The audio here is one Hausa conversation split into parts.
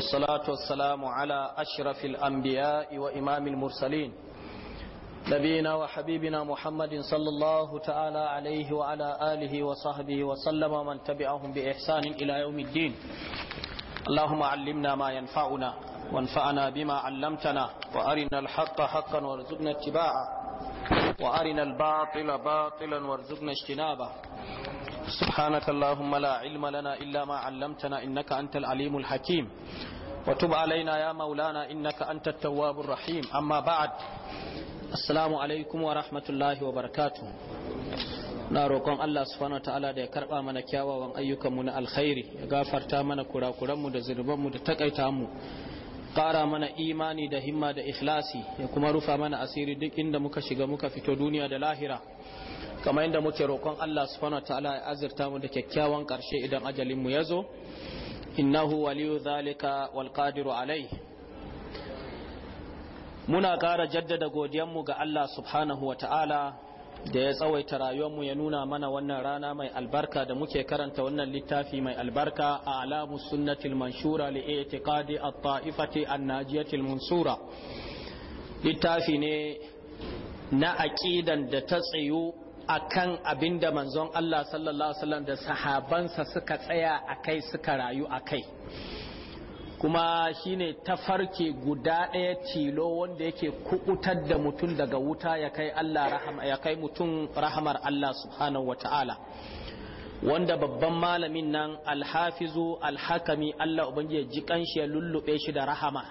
والصلاة والسلام على أشرف الأنبياء وإمام المرسلين نبينا وحبيبنا محمد صلى الله تعالى عليه وعلى آله وصحبه وسلم من تبعهم بإحسان إلى يوم الدين اللهم علمنا ما ينفعنا وانفعنا بما علمتنا وأرنا الحق حقا وارزقنا اتباعه وأرنا الباطل باطلا وارزقنا اجتنابه سبحانك اللهم لا علم لنا إلا ما علمتنا إنك أنت العليم الحكيم وتب علينا يا مولانا إنك أنت التواب الرحيم أما بعد السلام عليكم ورحمة الله وبركاته na roƙon Allah subhanahu wa ta'ala da ya karɓa mana kyawawan ayyukanmu na alkhairi ya gafarta mana kurakuranmu da zunubanmu da takaita mu ƙara mana imani da himma da ikhlasi ya kuma rufa mana asiri duk inda muka shiga muka fito duniya da lahira kamar yadda muke roƙon Allah subhanahu wa ta'ala ya azurta mu da kyakkyawan ƙarshe idan ajalin mu ya zo innahu waliyu zalika wal qadiru alai muna ƙara jaddada godiyanmu ga Allah subhanahu wa ta'ala da ya tsawaita rayuwarmu ya nuna mana wannan rana mai albarka da muke karanta wannan littafi mai albarka a alamu sunnatil manshura li i'tiqadi at-ta'ifati an-najiyatil mansura littafi ne na aqidan da ta tsayu akan abinda manzon Allah sallallahu alaihi da sahabansa suka tsaya akai suka rayu akai kuma shine tafarke guda ɗaya tilo wanda yake kukutar da mutum daga wuta ya kai mutum rahamar Allah subhanahu wataala wanda babban malamin nan alhafizu alhakami Allah ubangiji ya ji kanshi ya lullube shi da rahama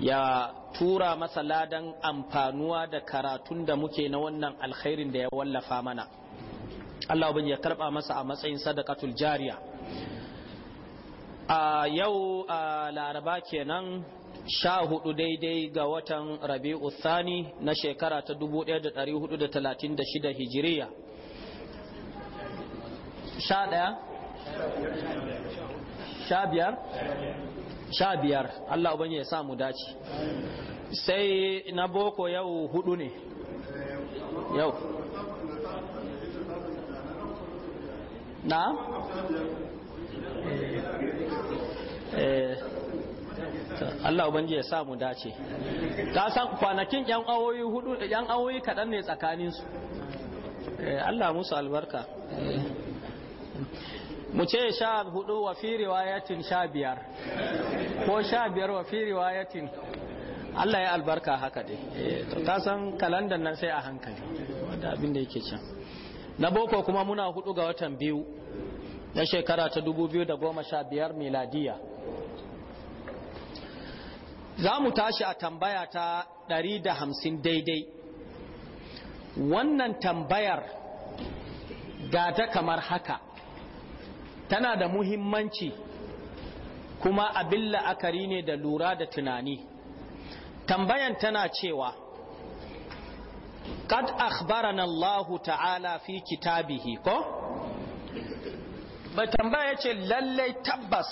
ya tura masa ladan amfanuwa da karatun da muke na wannan alkhairin da ya wallafa mana Allah bin ya karba masa a matsayin sadakatul jariya a yau a laraba kenan sha hudu daidai ga watan rabi'u thani na shekara ta 1436 hijiriya sha daya sha biyar sha biyar Allah ubangi ya samu dace sai na boko yau hudu ne yau na eh Allah ubangiji ya sa mu dace ta san kwanakin yan awoyi hudu yan awoyi kadan ne tsakanin su eh, Allah musu albarka eh. mu ce sha hudu wa fi riwayatin sha biyar ko sha biyar wa fi riwayatin Allah ya albarka haka dai eh, ta san kalandar nan sai a hankali wanda abin da yake can na boko kuma muna hudu ga watan biyu na shekara ta 2015 miladiya za mu tashi a tambaya ta 150 daidai wannan tambayar ga ta kamar haka tana da muhimmanci kuma abin la'akari ne da lura da tunani tambayan tana cewa قد أخبرنا الله ta'ala fi kitabihi ko bai tambaya ce lallai tabbas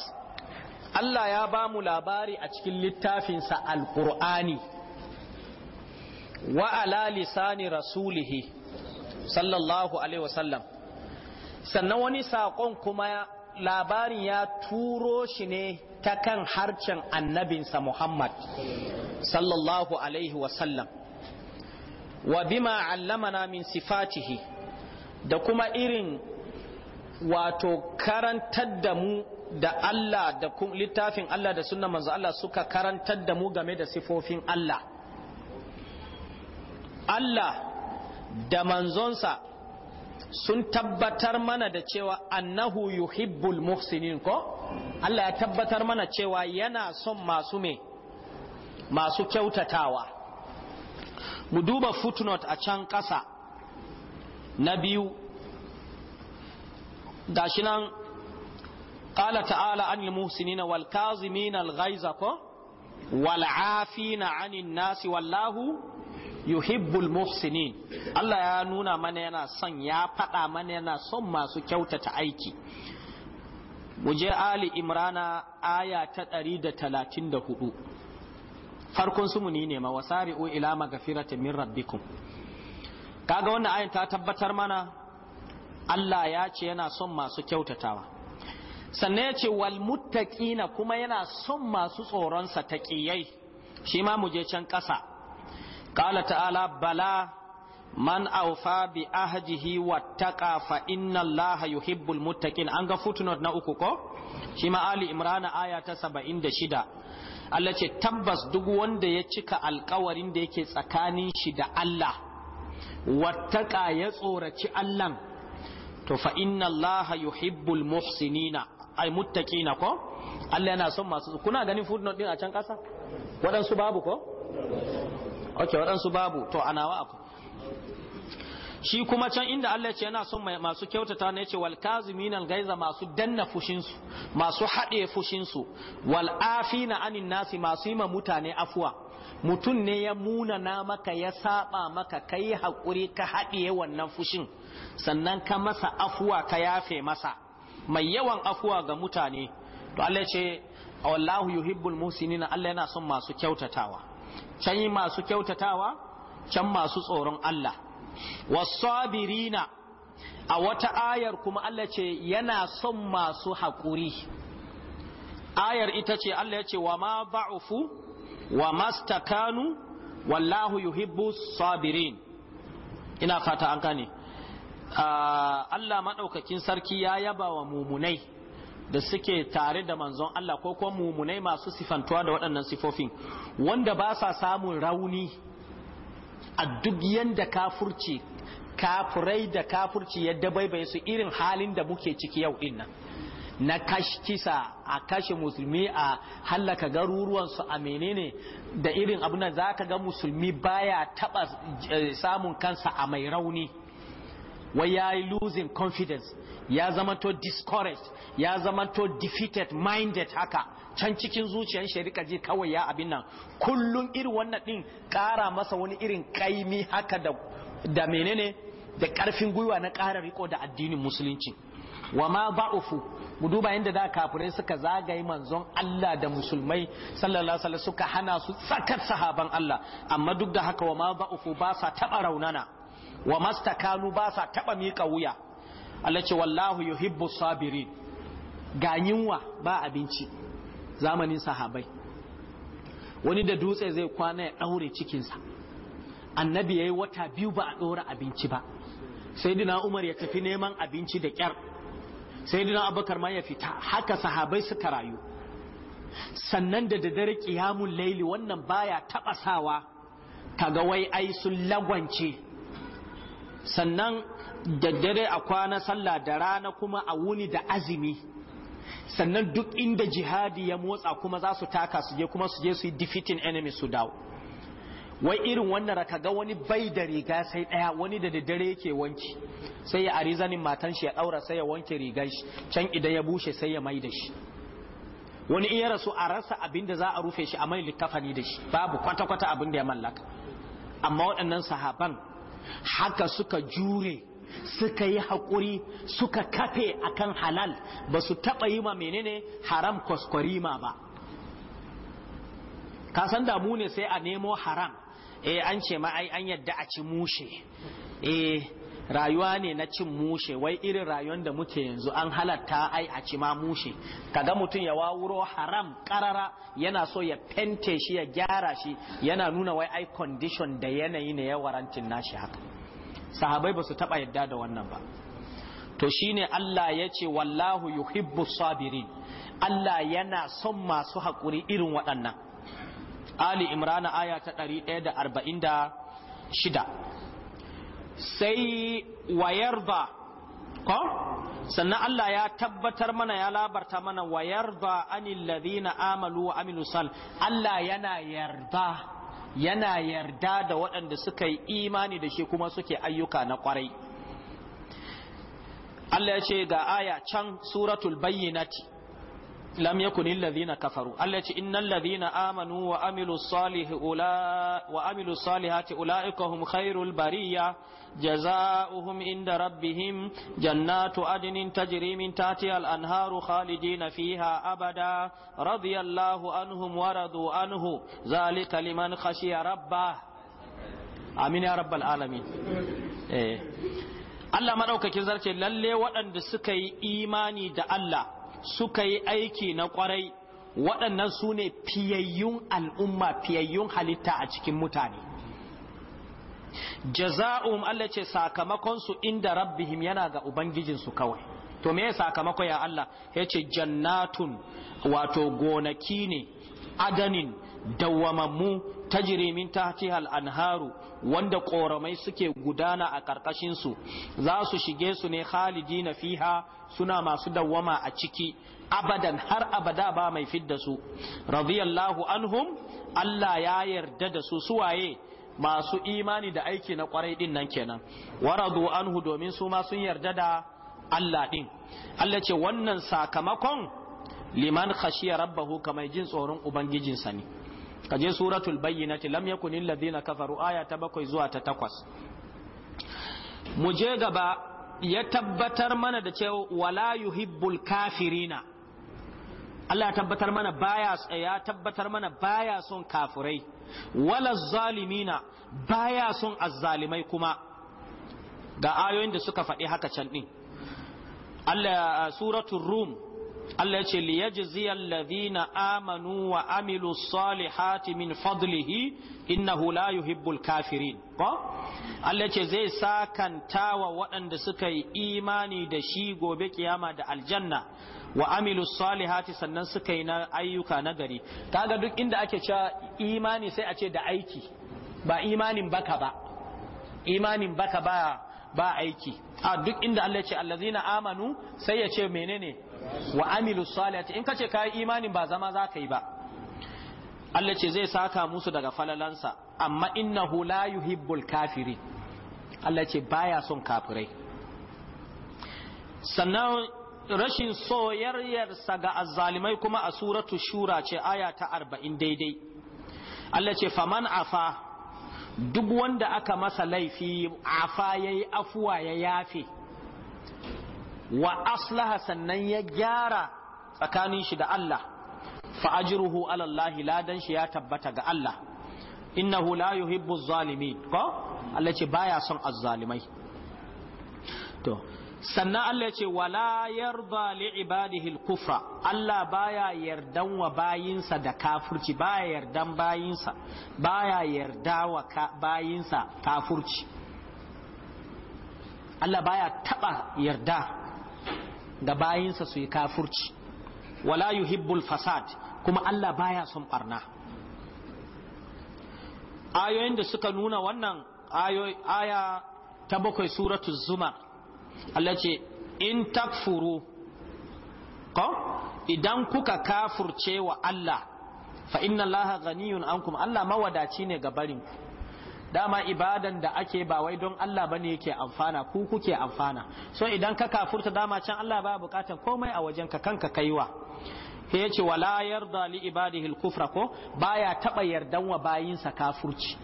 Allah ya bamu labari a cikin littafinsa alƙur'ani wa ala lisani rasulihi sallallahu alaihi wasallam sannan wani saƙon kuma labarin ya turo shi ne ta kan harcen annabinsa Muhammad sallallahu alaihi wasallam wa bima allamana min sifatihi da kuma irin wato karantar da mu da Allah da littafin Allah da sunan manzo Allah suka karantar da mu game da sifofin Allah Allah da manzonsa sun tabbatar mana da cewa annahu yuhibbul muhsinin ko Allah ya tabbatar mana cewa yana son masu me masu kyautatawa mu duba footnote a can ƙasa na biyu gashi nan qala ta'ala anil muhsinina wal kazimina al ghaiza ko wal nasi wallahu yuhibbul muhsinin Allah ya nuna mana yana son ya faɗa mana yana son masu kyautata aiki muje je ali imrana aya ta 134 farkon su sumuni ne ma ila magfiratin min rabbikum kaga wannan ayin ta tabbatar mana Allah ya ce yana son masu kyautatawa sannan ya ce wal muttaqina kuma yana son masu tsoronsa ta taqiyai shi ma mu can ƙasa Ƙala ta'ala bala man aufa bi ahdihi wattaqa fa inna allaha yuhibbul muttaqin an ga footnote na uku ko shi ma ali imrana aya ta 76 Allah ce tabbas duk wanda ya cika alkawarin da yake tsakanin shi da Allah wattaka ya tsoraci Allah to fa inna allaha yuhibbul muhsinina ay muttaqina ko Allah yana son masu kuna ganin footnote din a can kasa waɗansu babu ko ok waɗansu babu to a nawa akwai shi kuma can inda Allah ce yana son masu kyautata ne ce wal kazimin gaiza masu danna fushinsu masu haɗe fushinsu wal afina anin nasi masu yi ma mutane afuwa mutum ne ya munana maka ya saba maka kai hakuri ka haɗiye wannan fushin sannan ka masa afuwa ka yafe masa mai yawan afuwa ga mutane to Allah ce wallahu yuhibbul muhsinin Allah yana son masu kyautatawa can masu kyautatawa can masu tsoron Allah wasabirina a wata ayar kuma Allah ce yana son masu haƙuri ayar ita ce Allah ya ce wa ma ba'ufu wa mastakanu wallahu yuhibbu sabirin ina fata an gane ah, Allah maɗaukakin sarki ya yaba wa mumunai da suke tare da manzon Allah ko kuma mumunai masu sifantuwa da waɗannan sifofin wanda ba sa samun rauni a duk yadda kafurci kafurai da kafurci ya dabaibaye su irin halin da muke ciki yau din nan na kisa a kashe musulmi a hallaka garuruwansu a menene da irin abin da za ka ga musulmi baya taɓa eh, samun kansa a mai rauni wai ya yi losing confidence ya zama to discouraged ya zama to defeated minded haka can cikin zuciyar shari'a je kawai ya abin nan Kullum irin wannan din kara masa wani irin kaimi haka da menene da karfin gwiwa na kara riko da addinin musulunci wa ma ba'ufu mu duba yadda da kafirai suka zagaye manzon Allah da musulmai sallallahu alaihi wasallam suka hana su tsakar sahaban Allah amma duk da haka wa ma ba'ufu ba sa taba raunana wa mastakanu ba sa taɓa mika wuya Allah ce wallahu yuhibbu sabirin ga yunwa ba abinci zamanin sahabai wani da dutse zai kwana ya ɗaure cikinsa annabi yayi wata biyu ba a ɗora abinci ba sayyidina Umar ya tafi neman abinci da kyar sayyidina Abubakar ma ya fita haka sahabai suka rayu sannan da daddare ƙiyamun laili wannan baya taɓa sawa kaga wai ai sun lagwance sannan daddare a kwana sallah da rana kuma a wuni da azumi sannan duk inda jihadi ya motsa kuma za su taka su je kuma su je su yi defeating enemy su dawo wai irin wannan raka ga wani bai da riga sai daya wani da daddare yake wanki sai ya arizanin matan shi ya daura sai ya wanke rigar shi can idan ya bushe sai ya mai da shi wani iya rasu a rasa abin da za a rufe shi a mai littafani da shi babu kwata-kwata abin da ya mallaka amma waɗannan sahaban haka suka jure suka yi haƙuri suka kafe akan halal ba su taɓa yi ma menene haram kwaskwarima ba kasan damu ne sai a nemo haram eh an ce ma ai an yadda a ci mushe eh rayuwa ne na cin mushe wai irin rayuwar da muke yanzu an halatta ai a ci ma mushe kaga mutum ya wawuro haram karara yana so ya fente shi ya gyara shi yana nuna wai ai condition da yanayi ne ya warantin nashi haka sahabai basu su taba yadda da wannan ba to shine Allah ya ce wallahu yuhibbu sabirin Allah yana son masu haƙuri irin waɗannan Ali Imrana aya ta 146 sai wayarda ko sannan Allah ya tabbatar mana ya labarta mana wayarda anil ladina amalu wa Aminu sal Allah yana yarda yana yarda da waɗanda suka yi imani da shi kuma suke ayyuka na kwarai Allah ya ce ga aya can suratul bayyinati lam yakun alladhina kafaru Allah ya ce innal ladhina amanu wa amilu salihi ula wa amilu salihati ulaika hum khairul bariyya جزاؤهم عند ربهم جنات عدن تجري من تحتها الأنهار خالدين فيها أبدا رضي الله عنهم ورضوا عنه ذلك لمن خشي ربه آمين يا رب العالمين Allah maɗaukakin zarce lalle waɗanda suka yi imani da Allah suka yi aiki na ƙwarai waɗannan su ne fiyayyun al'umma fiyayyun halitta a cikin mutane jaza'um Allah ce sakamakon su inda rabbihim yana ga ubangijin su kawai to me sakamako ya Allah yace jannatun wato gonaki ne adanin dawwamammu tajri min tahtiha al-anharu wanda koramai suke gudana a karkashin su za su shige su ne khalidina fiha suna masu dawwama a ciki abadan har abada ba mai fidda su radiyallahu anhum Allah ya yarda da su suwaye masu imani da aiki na kwarai din nan kenan waradu anhu domin su ma sun yarda da Allah din Allah ce wannan sakamakon liman khashiya rabbahu kamar jin tsoron ubangijinsa ne kaje suratul bayyinati lam yakun alladhina kafaru ayata ta bakwai zuwa ta takwas mu je gaba ya tabbatar mana da cewa wala yuhibbul kafirina Allah ya tabbatar mana baya ya tabbatar mana baya son kafirai wala zalimina baya son azzalimai kuma ga ayoyin da suka faɗi haka can ɗin Allah rum Allah ya ce liyajziyal ladhina amanu wa amilu salihati min fadlihi innahu la yuhibbul kafirin ko Allah ya ce zai sakanta wa waɗanda suka yi imani da shi gobe kiyama da aljanna wa amilu salihati sannan suka yi na ayyuka na gari kaga duk inda ake cewa imani sai a ce da aiki ba imanin baka ba imanin baka ba ba aiki a duk inda Allah ya ce allazina amanu sai ya ce menene wa amilu salihati in kace kai imanin ba zama za ka yi ba Allah ce zai saka musu daga falalansa amma innahu la yuhibbul kafirin Allah ce baya son kafirai sannan rashin soyayyarsa ga azzalimai kuma a suratu shura ce aya ta arba'in daidai Allah ce faman afa duk wanda aka masa laifi afa ya yi afuwa ya yafe wa aslaha sannan ya gyara tsakanin shi da Allah fa'ajiruhu alallahi ladan shi ya tabbata ga Allah innahu la yuhibbu zalimin ko Allah ce baya son azzalimai to sannan Allah ya ce wala yarda li ibadihi al-kufra Allah baya yardan wa bayinsa da kafurci baya yardan bayinsa baya yarda wa bayinsa kafurci Allah baya taba yarda da bayinsa su yi kafurci wala yuhibbul fasad kuma Allah baya son barna ayoyin da suka nuna wannan aya ta bakwai suratul zumar Allah ce in takfuru ko idan kuka kafurce wa Allah fa inna Allah ghaniyun ankum Allah mawadaci ne ga barin dama ibadan da ake ba wai don Allah bane yake amfana ku kuke amfana so idan ka kafurta dama can Allah ba bukatar komai a wajen ka kanka kaiwa he yace wala yarda li ibadihi al-kufra ko baya taba yardan wa bayinsa kafurci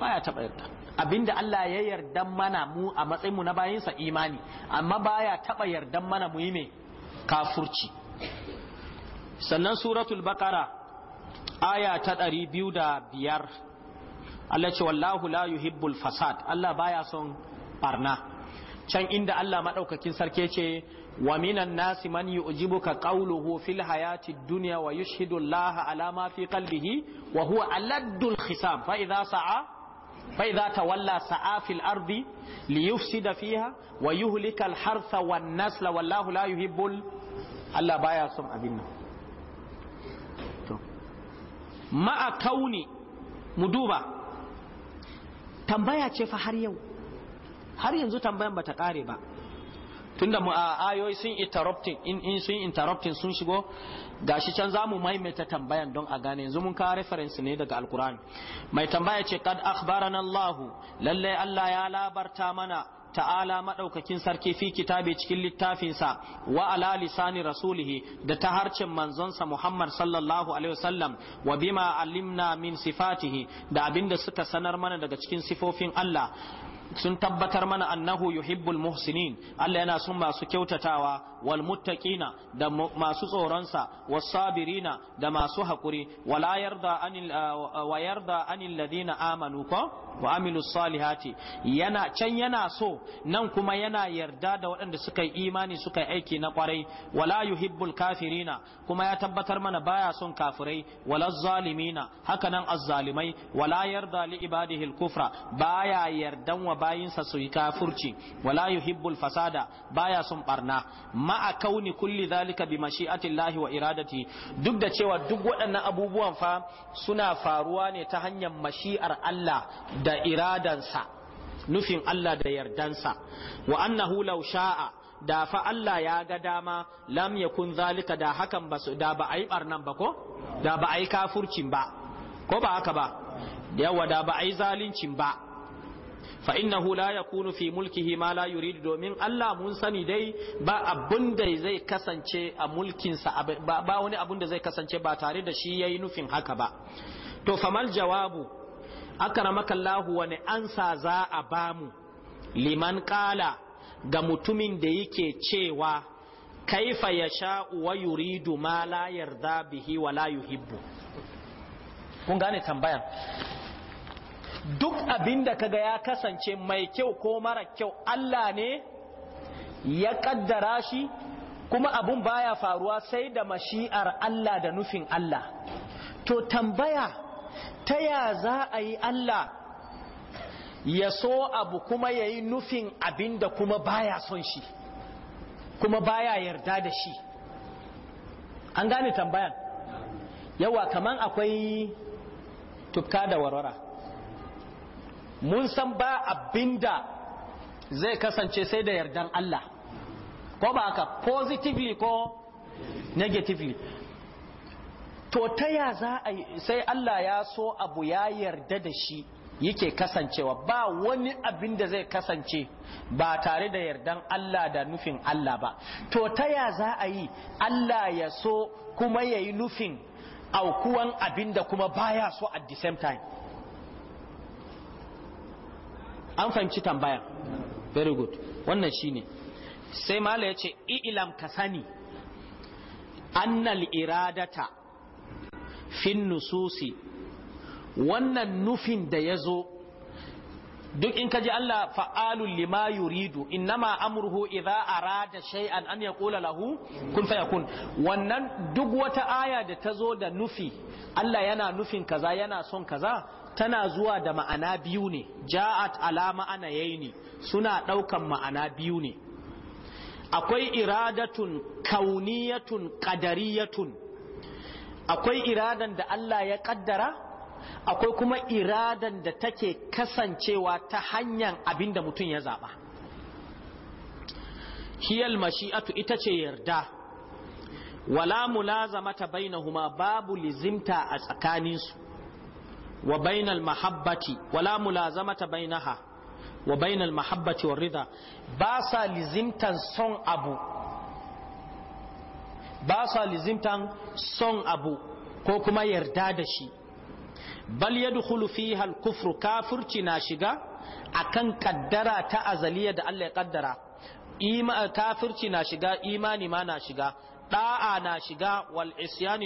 baya taba yarda abinda Allah ya yarda mana mu a matsayin mu na bayinsa imani amma baya taba yarda mana mu yi mai kafurci sannan suratul baqara aya ta ɗari biyu da biyar Allah ce wallahu la yuhibbul fasad Allah baya son barna can inda Allah maɗaukakin sarki ce wa minan nasi man yu'jibuka qawluhu fil hayati dunya wa yushhidu Allah ala ma fi qalbihi wa huwa aladdul khisam fa idza sa'a bai za ta walla sa'afil ardi li yufsida fiha wa yuhlika al-hartha wan nasla wallahu la yuhibbul Allah baya son abin nan to kauni mu duba tambaya ce fa har yau har yanzu tambayan bata kare ba tunda mu a ayoyi sun interrupting in in sun interrupting sun shigo gashi can zamu maimaita tambayan don a gane yanzu mun kawo reference ne daga alkur'ani mai tambaya ce kad akhbarana Allah lalle Allah ya labarta mana ta'ala madaukakin sarki fi kitabe cikin littafinsa wa ala lisani rasulihi da ta harcin manzonsa Muhammad sallallahu alaihi wasallam wa bima alimna min sifatihi da abinda suka sanar mana daga cikin sifofin Allah sun tabbatar mana annahu yuhibbul muhsinin Allah yana son masu kyautatawa wal muttaqina da masu tsoronsa was sabirina da masu hakuri wala yarda anil ah, wa yarda anil ladina amanu ko wa amilus salihati yana can yana so nan kuma yana yarda da waɗanda suka yi imani suka yi aiki na kwarai wala yuhibbul kafirina kuma ya tabbatar mana baya son kafirai wala zalimina haka nan azzalimai wala yarda li ibadihi al kufra baya yardan bayinsa su yi kafurci wala yuhibbul fasada baya sun barna a kauni kulli zalika bi mashi'atillahi wa iradati duk da cewa duk waɗannan abubuwan fa suna faruwa ne ta hanyar mashi'ar Allah da iradansa nufin Allah da yardansa wa annahu law sha'a da fa Allah ya ga dama lam yakun zalika da hakan ba da ba a yi barnan ba ko da ba a yi kafurcin ba ko ba haka ba yawa da ba a yi zalincin ba fa innahu la yakunu fi mulkihi ma la yurid domin Allah mun sani dai ba abun da zai kasance a mulkin sa ba, wani abun da zai kasance ba tare da shi yayi nufin haka ba to famal jawabu akramaka Allah wani ansa za a bamu liman qala ga mutumin da yake cewa kaifa yasha wa yuridu ma la yarda bihi wa la yuhibbu kun gane tambayar. duk abin da kaga ya kasance mai kyau ko mara kyau Allah ne ya kaddara shi kuma abun baya faruwa sai da mashi'ar Allah da nufin Allah to tambaya ta ya za a yi Allah ya so abu kuma ya yi nufin abin da kuma baya son shi kuma baya yarda da shi an gane tambayan yawa kaman akwai tukka da warwara mun san ba abinda zai kasance sai da yardan Allah ko ba haka positively ko negatively to ta ya za a sai Allah ya so abu ya yarda da shi yake kasancewa ba wani abin da zai kasance ba tare da yardan Allah da nufin Allah ba to ta ya za a yi Allah ya so kuma ya yi nufin aukuwan abin da kuma baya so at the same time an fahimci tambayan very good wannan shine sai mala ya ce ilam ka sani annal iradata fin nususi wannan nufin da ya zo duk in ka ji Allah fa'alun lima yuridu innama amurhu idza arada shay'an an yaqula lahu kun kun. wannan duk wata aya da ta zo da nufi Allah yana nufin kaza yana son kaza tana zuwa da ma'ana biyu ne ja'at ala ma'ana suna ɗaukan ma'ana biyu ne akwai iradatun kauniyatun qadariyatun akwai iradan da Allah ya kaddara akwai kuma iradan da take kasancewa ta hanyar abinda mutum ya zaba. hiyal mashi'atu ita ce yarda wala mulazamata bainahuma babu lizimta a tsakaninsu wa bainal mahabbati wala mulazamata bainaha wa bainal mahabbati wa ba sa lizimtan son abu ko kuma yarda da shi bal yadkhulu fiha al-kufru kafirci na shiga akan kaddara ta azaliya da Allah ya kaddara kafirci na shiga imani ma na shiga da'a na shiga wal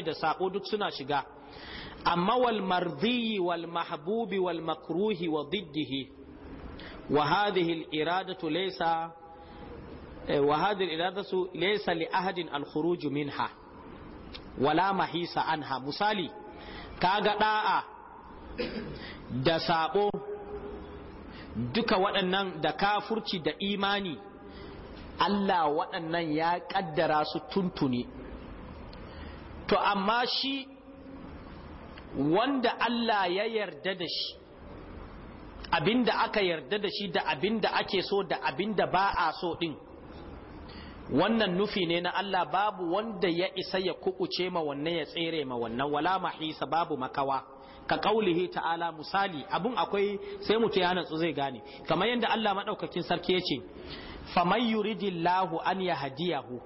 da saƙo duk suna shiga أما والمرضي والمحبوب والمكروه وضده وهذه الإرادة ليس وهذه الإرادة ليس لأحد الخروج منها ولا محيص عنها مثالي كاغا داء da sabo duka waɗannan da kafurci da imani Allah waɗannan ya ƙaddara su tuntuni to amma shi wanda Allah ya yarda da shi abinda aka yarda da shi da abinda ake so da abinda ba a so din wannan nufi ne na Allah babu wanda ya isa ya kukuce ma wannan ya tsere ma wannan wala mahisa babu makawa ka kaulihi ta'ala misali abun akwai sai mutu ya natsu zai gane kamar yadda Allah madaukakin sarki ya ce faman yuridillahu an yahdiyahu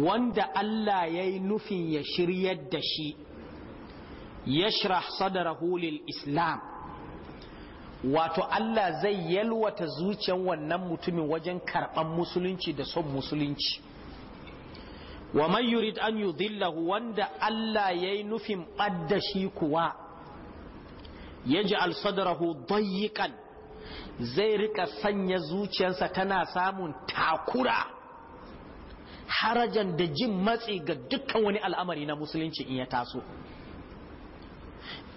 wanda Allah yayi nufin ya shiryar da shi yashrah sadrahu lil islam wato Allah zai yalwata zuciyar wannan mutumin wajen karɓan musulunci da son musulunci wa man yurid an yudhillahu wanda Allah yayi nufin ɓadda shi kuwa yaj'al sadrahu dayyiqan zai rika sanya zuciyarsa tana samun takura harajan da jin matsi ga dukkan wani al'amari na musulunci in ya taso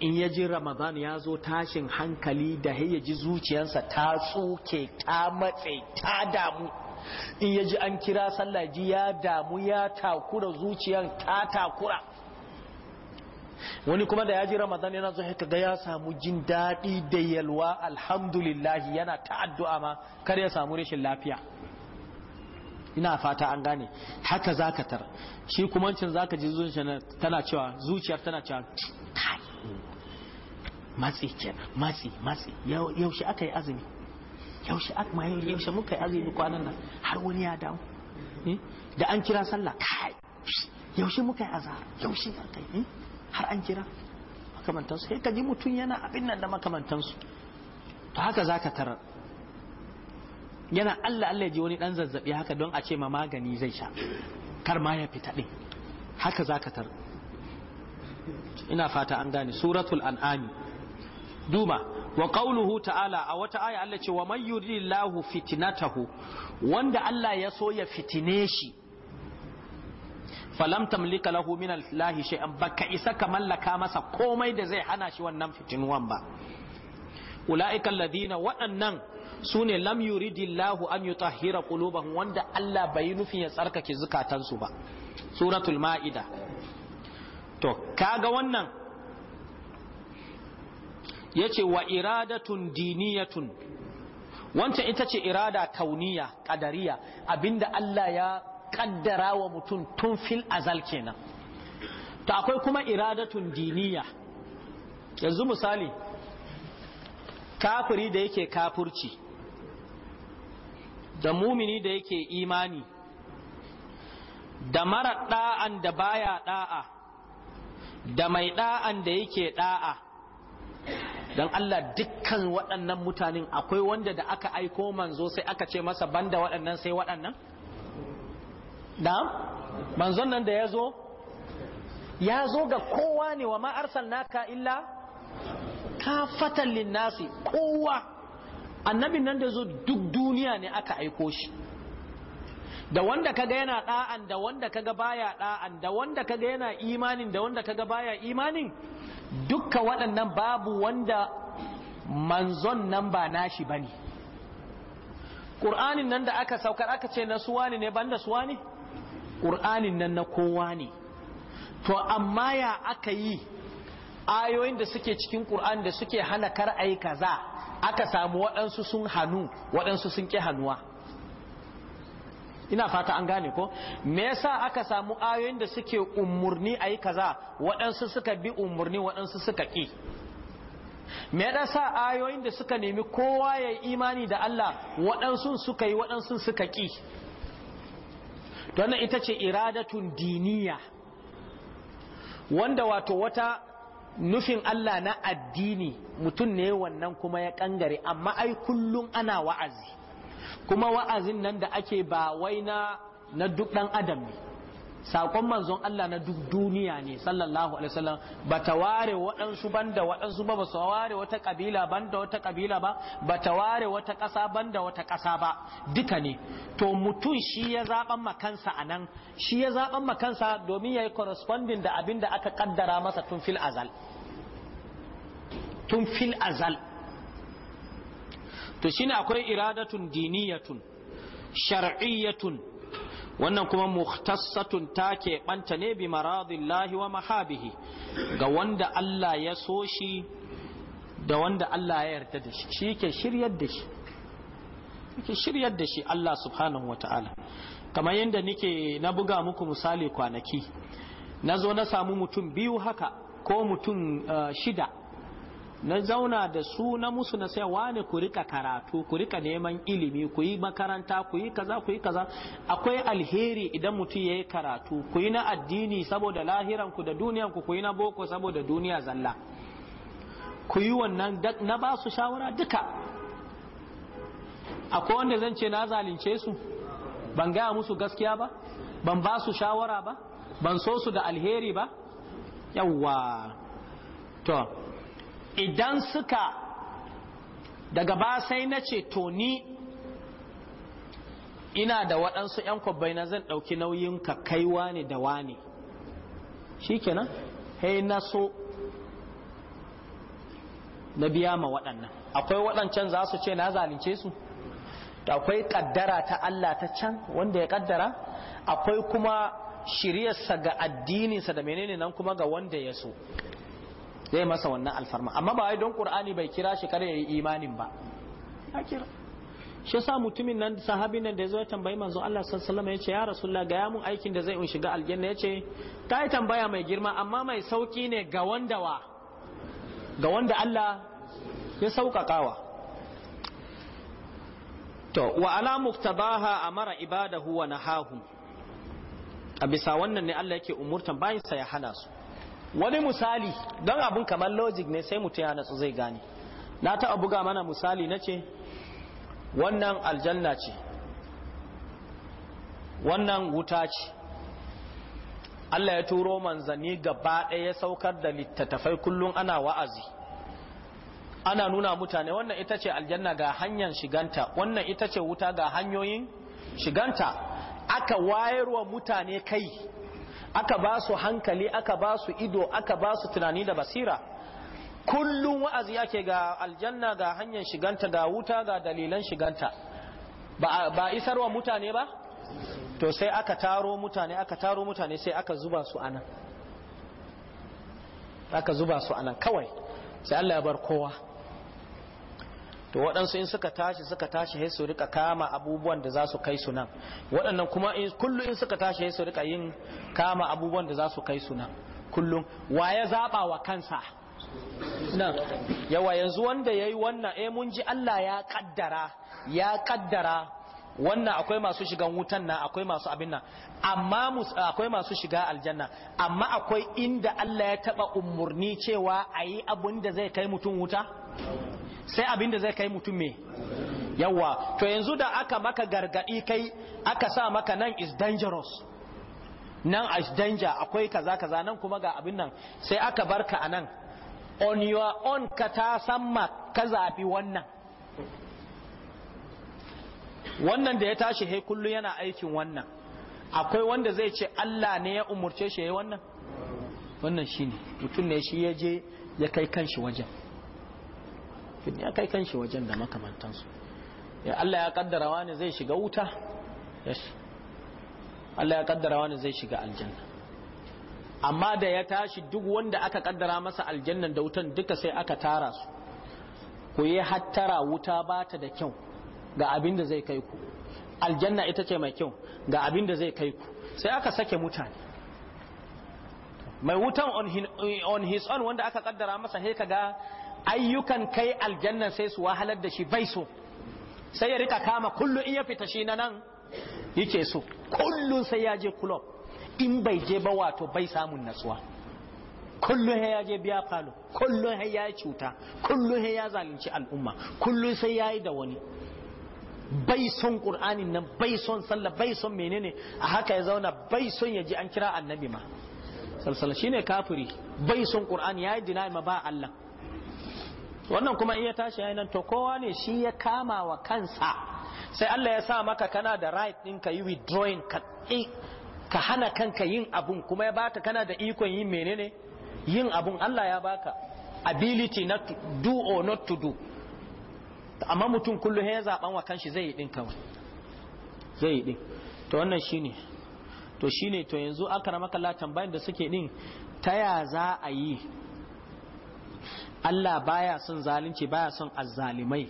in ya ji ramadan ya zo tashin hankali da ya ji zuciyarsa ta tsoke ta matse ta damu in ya ji an kira sallaji ya damu ya takura zuciyar ta takura wani kuma da ya ji ramadan yana zo haka ga ya samu jin daɗi da yalwa alhamdulillahi yana ta addu'a ma kar ya samu rashin lafiya ina fata an gane haka zaka tar shi kumancin zaka ji zuciyar tana cewa zuciyar tana cewa matsi kenan matsi matsi yaushe aka yi azumi yaushe aka ma yaushe muka yi azumi kwanan nan har wani ya damu hmm? da an kira sallah kai yaushe muka yi azhar yaushe aka yi hmm? har an kira makamantansu sai ka ji mutum yana abin nan da makamantansu to haka zaka tarar yana Allah Allah ji wani dan zazzabi haka don a ce ma magani zai sha kar ma ya fita din haka zaka tara. ina fata an gane suratul an'ami duba wa qauluhu ta'ala a wata aya Allah ce wa man yuridillahu fitnatahu wanda Allah ya so ya fitine shi falam tamlika lahu min allahi shay'an baka isa ka mallaka masa komai da zai hana shi wannan fitinuwan ba ulaika alladhina waɗannan sune lam yuridillahu an yutahhira qulubahum wanda Allah bai nufin ya tsarkake zukatansu ba suratul ma'ida to kaga wannan yace wa iradatun diniyatun wancan ita ce irada kauniya kadariya abinda Allah ya kaddara wa mutum tun fil azal kenan to akwai kuma iradatun diniya yanzu misali kafiri da yake kafurci da mumini da yake imani da mara da'an da baya da'a da mai da'an da yake da'a don Allah dukkan waɗannan mutanen akwai wanda da aka aiko manzo sai aka ce masa banda waɗannan sai waɗannan da manzon nan da ya zo ya zo ga kowa ne wa ma'arsan naka illa Ka kafatan linnasi kowa annabin nan da zo duk duniya ne aka aiko shi da wanda kaga yana da'an da wanda kaga baya da'an da wanda kaga yana imanin da wanda kaga baya imanin dukka waɗannan babu wanda manzon nan ba nashi bane Qur'anin nan da aka saukar aka ce na suwani ne banda suwani Qur'anin nan na kowa ne to amma ya aka yi ayoyin da suke cikin Qur'an da suke hana kar ayi kaza aka samu waɗansu sun hannu waɗansu sun ki hannuwa? ina fata an gane ko me yasa aka samu ayoyin da suke umurni a yi kaza waɗansu suka bi umurni waɗansu suka ƙi me yasa ayoyin da suka nemi kowa ya yi imani da Allah waɗansu suka yi waɗansu suka ƙi wannan ita ce iradatun diniya wanda wato wata nufin Allah na addini mutum ne wannan kuma ya kangare amma ai kullum ana wa'azi kuma wa'azin nan da ake ba wai na na duk dan adam ne sakon manzon Allah na duk duniya ne sallallahu alaihi wasallam ba ta ware waɗansu da waɗansu ba ba su ware wata kabila da wata kabila ba ba ta ware wata ƙasa da wata ƙasa ba duka ne to mutum shi ya zaɓan makansa a nan shi ya zaɓan makansa domin ya yi corresponding da abin da aka kaddara masa tun fil azal tun fil azal to shine akwai iradatun diniyatun shar'iyyatun wannan kuma muhtassatun ta keɓanta ne bi maradillahi wa mahabihi ga wanda Allah ya so shi da wanda Allah ya yarda da shi shi ke shiryar da shi ke shiryar da shi Allah subhanahu wata'ala kamar yadda nike na buga muku misali kwanaki na zo na samu mutum biyu haka ko mutum eh, shida na zauna da su na musu na sai wane ku rika karatu ku rika neman ilimi ku yi makaranta ku yi kaza ku yi kaza akwai alheri idan mutum ya yi karatu ku yi na addini saboda lahiran ku da duniyan ku ku yi na boko saboda duniya zalla ku yi wannan na ba su shawara duka akwai wanda zan ce na zalince su ban gaya musu gaskiya ba ban ba su shawara ba ban so su da alheri ba yawwa to idan suka daga ba sai na ce to ni ina da waɗansu 'yan kwabbai na zan ɗauki nauyin ka kai ne da wane shi kenan hei na so na biya ma waɗannan akwai waɗancan za su ce na zalunce su akwai kaddara ta Allah ta can wanda ya kaddara akwai kuma shiryarsa ga addininsa da menene nan kuma ga wanda ya so zai masa wannan alfarma amma ba wai don qur'ani bai kira shi kare yayi imanin ba ya kira shi sa mutumin nan sahabin nan da ya zo ya tambayi manzo Allah sallallahu alaihi wasallam ya ce ya rasulullah ga ya mun aikin da zai in shiga aljanna ya ce ta yi tambaya mai girma amma mai sauki ne ga wanda wa ga wanda Allah ya sauƙaƙawa to wa ala muktabaha amara ibadahu wa nahahum a bisa wannan ne Allah yake umurtan bayan sa ya hana su wani misali don abin kamar logic ne sai mutum ya natsu zai gane na taɓa buga mana misali na ce wannan aljanna ce wannan wuta ce Allah ya turo manzanni gaba ɗaya ya saukar da littattafai kullum ana wa'azi ana nuna mutane wannan ita ce aljanna ga hanyar shiganta wannan ita ce wuta ga hanyoyin shiganta aka wayarwa mutane kai aka ba su hankali aka ba su ido aka ba su tunani da basira kullum wa'azi ake ga aljanna ga hanyar shiganta ga wuta ga dalilan shiganta ba, ba isarwa mutane ba to sai aka taro mutane aka taro mutane sai aka zuba su anan aka zuba su anan kawai sai Allah ya bar kowa to waɗansu in suka tashi suka tashi sai su rika kama abubuwan da za su kai su nan waɗannan kuma kullum in suka tashi sai su rika yin kama abubuwan da za su kai su nan kullum waye zaba wa kansa nan yawa yanzu wanda yayi wannan eh mun ji Allah ya kaddara ya kaddara wannan akwai masu shigan wutan nan akwai masu abin nan amma akwai masu shiga aljanna amma akwai inda Allah ya taba umurni cewa ayi abun da zai kai mutum wuta sai abin da zai kai mutum me yawa to yanzu da aka maka gargadi kai aka sa maka nan is dangerous nan is danger akwai kaza kaza nan kuma ga abin nan sai aka barka anan on your own ka ta samma ka zabi wannan wannan da ya tashi he kullu yana aikin wannan akwai wanda zai ce Allah ne ya umurce shi yi wannan wannan shine mutum ne shi ya je ya kai kanshi wajen kafin ya kai kanshi wajen da makamantansu ya Allah ya kaddara wani zai shiga wuta yes Allah ya kaddara wani zai shiga aljanna amma da ya tashi duk wanda aka kaddara masa aljannan da wutan duka sai aka tara su ku yi hattara wuta bata da kyau ga abin da zai kai ku aljanna ita ce mai kyau ga abin da zai kai ku sai aka sake mutane mai wutan on his own wanda aka kaddara masa he ayyukan kai aljanna sai su wahalar da shi bai so sai ya rika kama kullu in ya fita shi na nan yake so kullun sai ya je in bai je ba wato bai samun natsuwa kullum ya je biya falo kullum ya cuta kullum ya zalunci al'umma kullum sai ya yi da wani bai son qur'ani nan bai son sallah bai son menene a haka ya zauna bai son ya ji an kira annabi ma salsala shine kafiri bai son qur'ani yayi yi dina'i ma ba Allah wannan kuma iya tashi nan to kowa ne shi ya kama wa kansa sai Allah ya sa maka kana da right din ka yi withdrawing ka ka hana kanka yin abun kuma ya baka kana da ikon yin menene yin abun Allah ya baka ability na to do or not to do amma mutum kullum ya zaban wa kanshi zai yi din ka zai yi din to wannan shine to shine to yanzu aka maka la tambayin da suke din ta ya za a yi Allah baya son zalunci baya son azzalimai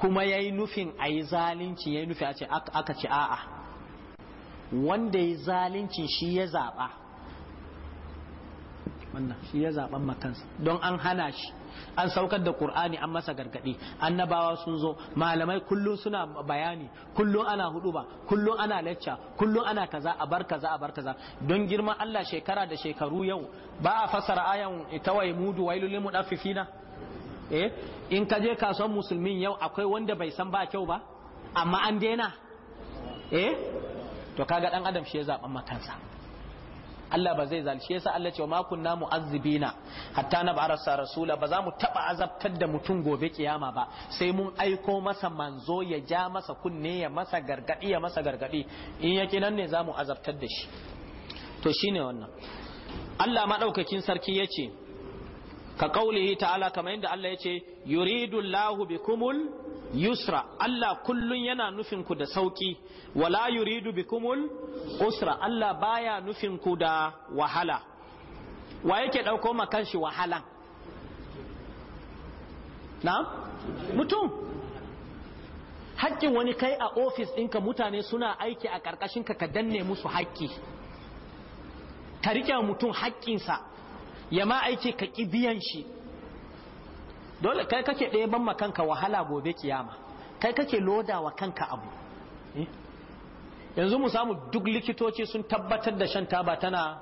kuma ya yi nufin a yi zalunci ya yi nufi a ce aka ce a'a wanda ya zalunci shi ya zaɓa shi ya zaɓan makansa don an hana shi an saukar da ƙur'ani an masa gargaɗi annabawa sun zo malamai kullum suna bayani kullum ana huduba kullum ana lacca kullum ana kaza a bar kaza a bar kaza don girma Allah shekara da shekaru yau ba a fasara ayan ita wai mudu wai lil mudaffifina eh in ka je kasuwar musulmin yau akwai wanda bai san ba kyau ba amma an daina eh to kaga dan adam shi ya zaɓan makansa Allah ba zai zalce yasa Allah ce ma kunna mu'azzibina hatta na rasa rasula ba za mu taba azabtar da mutum gobe kiyama ba sai mun aiko masa manzo ya ja masa kunne ya masa gargadi ya masa gargadi in yake nan ne za mu azabtar da shi to shine wannan Allah madaukakin sarki yace ka qaulihi ta'ala kamar yadda Allah ya ce, yuridu Allahu bikumul yusra Allah kullum yana nufin ku da sauki wala yuridu bikumul usra Allah baya nufin ku da wahala wa yake dauko makan shi wahala, na mutum haƙƙin wani kai a ofis ɗinka mutane suna aiki a ƙarƙashinka ka danne musu haƙƙi ka riƙe mutum haƙƙinsa ya ma aiki ka ƙi biyan shi dole kai kake ɗeban ban kanka wahala gobe kiyama kai kake loda wa kanka abu eh? yanzu mu samu duk likitoci sun tabbatar da shan taba tana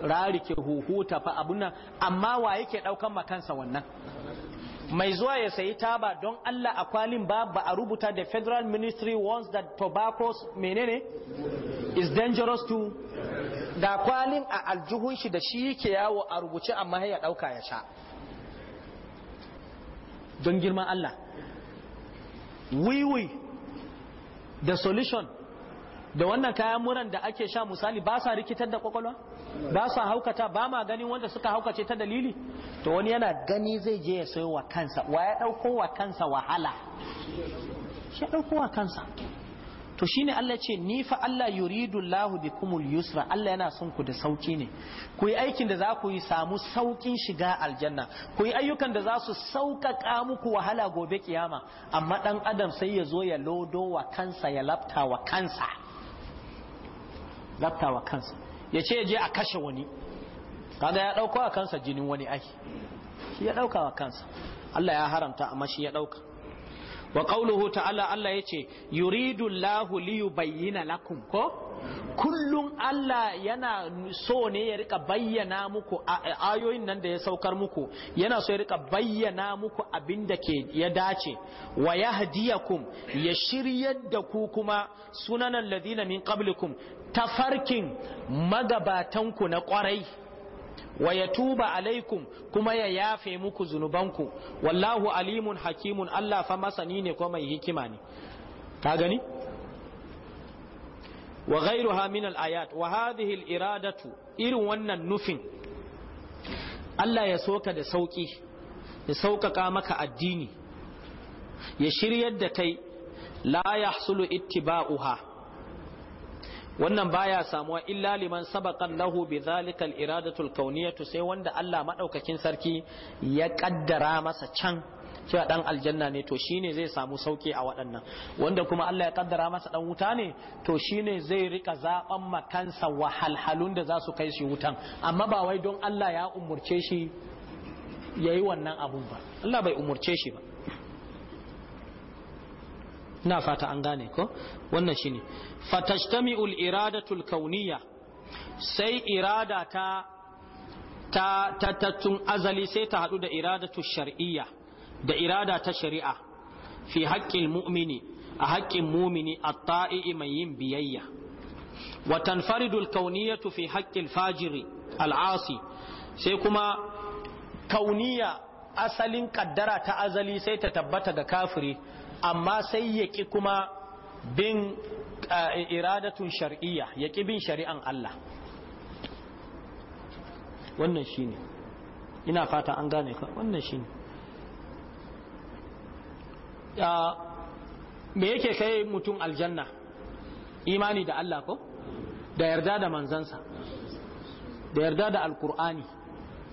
rarike huhu tafa abunan amma wa yake ɗaukan ma kansa wannan mai zuwa ya sayi taba don Allah a kwalin ba ba a rubuta da federal ministry warns that tobacco menene is dangerous to da kwalin a aljuhun shi da shi yake yawo a rubuce amma ya dauka ya sha don girman Allah wiwi the solution da wannan kayan muran da ake sha misali ba sa rikitar da kwakwalwa ba sa haukata ba ma ganin wanda suka haukace ta dalili to wani yana gani zai je ya sayo wa kansa wa ya dauko wa kansa wahala shi ya dauko wa kansa to shine Allah ce ni fa Allah yuridu Allahu bikumul yusra Allah yana son ku da sauki ne ku yi aikin da za ku yi samu saukin shiga aljanna ku yi ayyukan da za su sauƙaƙa muku wahala gobe kiyama amma dan adam sai ya zo ya lodo wa kansa ya lafta wa kansa lafta wa kansa ya ce je a kashe wani kaga ya dauko a kansa jinin wani ai shi ya dauka wa kansa Allah ya haramta amma shi ya dauka wa qauluhu ta'ala Allah yace yuridu Allahu li yubayyana lakum ko kullum Allah yana so ne ya rika bayyana muku ayoyin nan da ya saukar muku yana so ya rika bayyana muku abin da ke ya dace wa yahdiyakum ya shiryar da ku kuma sunanan ladina min qablikum tafarkin magabatanku na kwarai wa ya tuba alaikum kuma ya yafe muku zunubanku wallahu alimun hakimun Allah fa masani ne ko mai hikima ne ka gani wa ghairuha min al-ayat wa hadhihi al-iradatu irin wannan nufin Allah ya soka da sauki ya sauƙaƙa maka addini ya shiryar da kai la yahsulu ittiba'uha wannan baya samuwa illa liman sabaqan lahu bi zalika al iradatu al kawniyatu sai wanda Allah madaukakin sarki ya kaddara masa can cewa dan aljanna ne to shine zai samu sauki a waɗannan wanda kuma Allah ya kaddara masa dan wuta ne to shine zai rika zaban makansa wahalhalun da za su kai shi wutan amma ba wai don Allah ya umurce shi yayi wannan abun ba Allah bai umurce shi ba ina fata an gane ko wannan shine fatashtami'ul iradatul kauniya sai irada ta ta tattun azali sai ta hadu da iradatu shar'iyya da irada ta shari'a fi haƙƙin mu'mini a haƙƙin mumini at-ta'i mai yin biyayya wa tanfaridul kauniyatu fi haƙƙil fajiri al'asi sai kuma kauniya asalin kaddara ta azali sai ta tabbata ga kafiri amma sai ya ki kuma bin eh, iradatun shari'a ya ki bin shari'an Allah wannan shi ne, ina fata an gane ka wannan shi ya me yake kai mutum aljanna imani da Allah ko da yarda da manzansa da yarda da alkur'ani